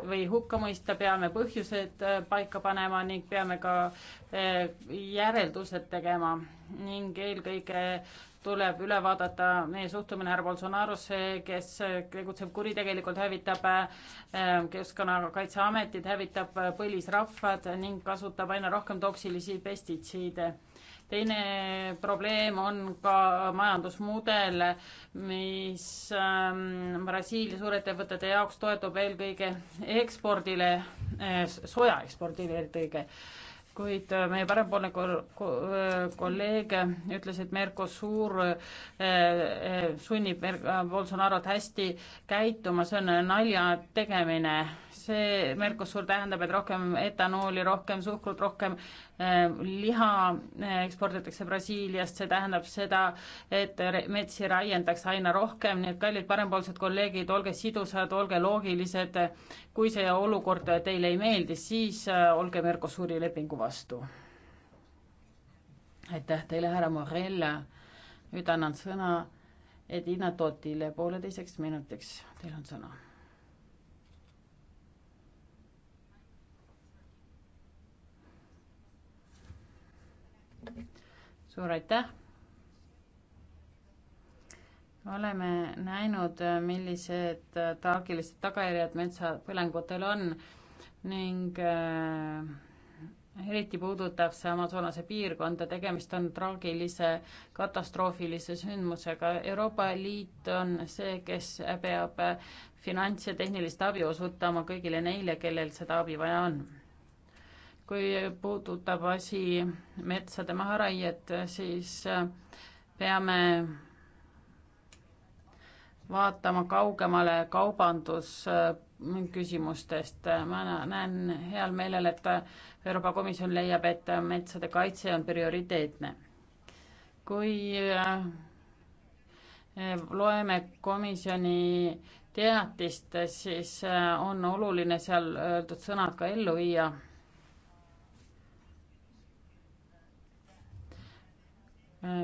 või hukka mõista, peame põhjused äh, paika panema ning peame ka äh, järeldused tegema ning eelkõige tuleb üle vaadata meie suhtumine härra Bolsonarosse, kes äh, tegutseb kuritegelikult, hävitab Keskkonnakaitseametit, hävitab põlisrahvad ning kasutab aina rohkem toksilisi pestitsiide teine probleem on ka majandusmudel, mis ähm, Brasiilia suurettevõtete jaoks toetub eelkõige ekspordile, äh, soja ekspordile eelkõige. kuid äh, meie parempoolne äh, kolleeg ütles, et Mercosur sunnib Bolsonaro't hästi käituma, see on nalja tegemine see Mercosur tähendab, et rohkem etanooli, rohkem suhkrut, rohkem äh, liha äh, eksporditakse Brasiiliast, see tähendab seda, et metsi raiendaks aina rohkem, nii et kallid parempoolsed kolleegid, olge sidusad, olge loogilised, kui see olukord teile ei meeldi, siis äh, olge Mercosuri lepingu vastu. aitäh teile, härra Morell, nüüd annan sõna Edina Totile pooleteiseks minutiks, teil on sõna suur aitäh. oleme näinud, millised äh, traagilised tagajärjed metsapõlengutel on ning äh, eriti puudutab see Amazonase piirkonda, tegemist on traagilise, katastroofilise sündmusega. Euroopa Liit on see, kes peab äh, finants- ja tehnilist abi osutama kõigile neile, kellel seda abi vaja on kui puudutab asi metsade maharaiet, siis äh, peame vaatama kaugemale kaubandusküsimustest. Äh, ma näen heal meelel, et äh, Euroopa Komisjon leiab, et metsade kaitse on prioriteetne. kui loeme komisjoni teatist, siis on oluline seal öeldud sõnad ka ellu viia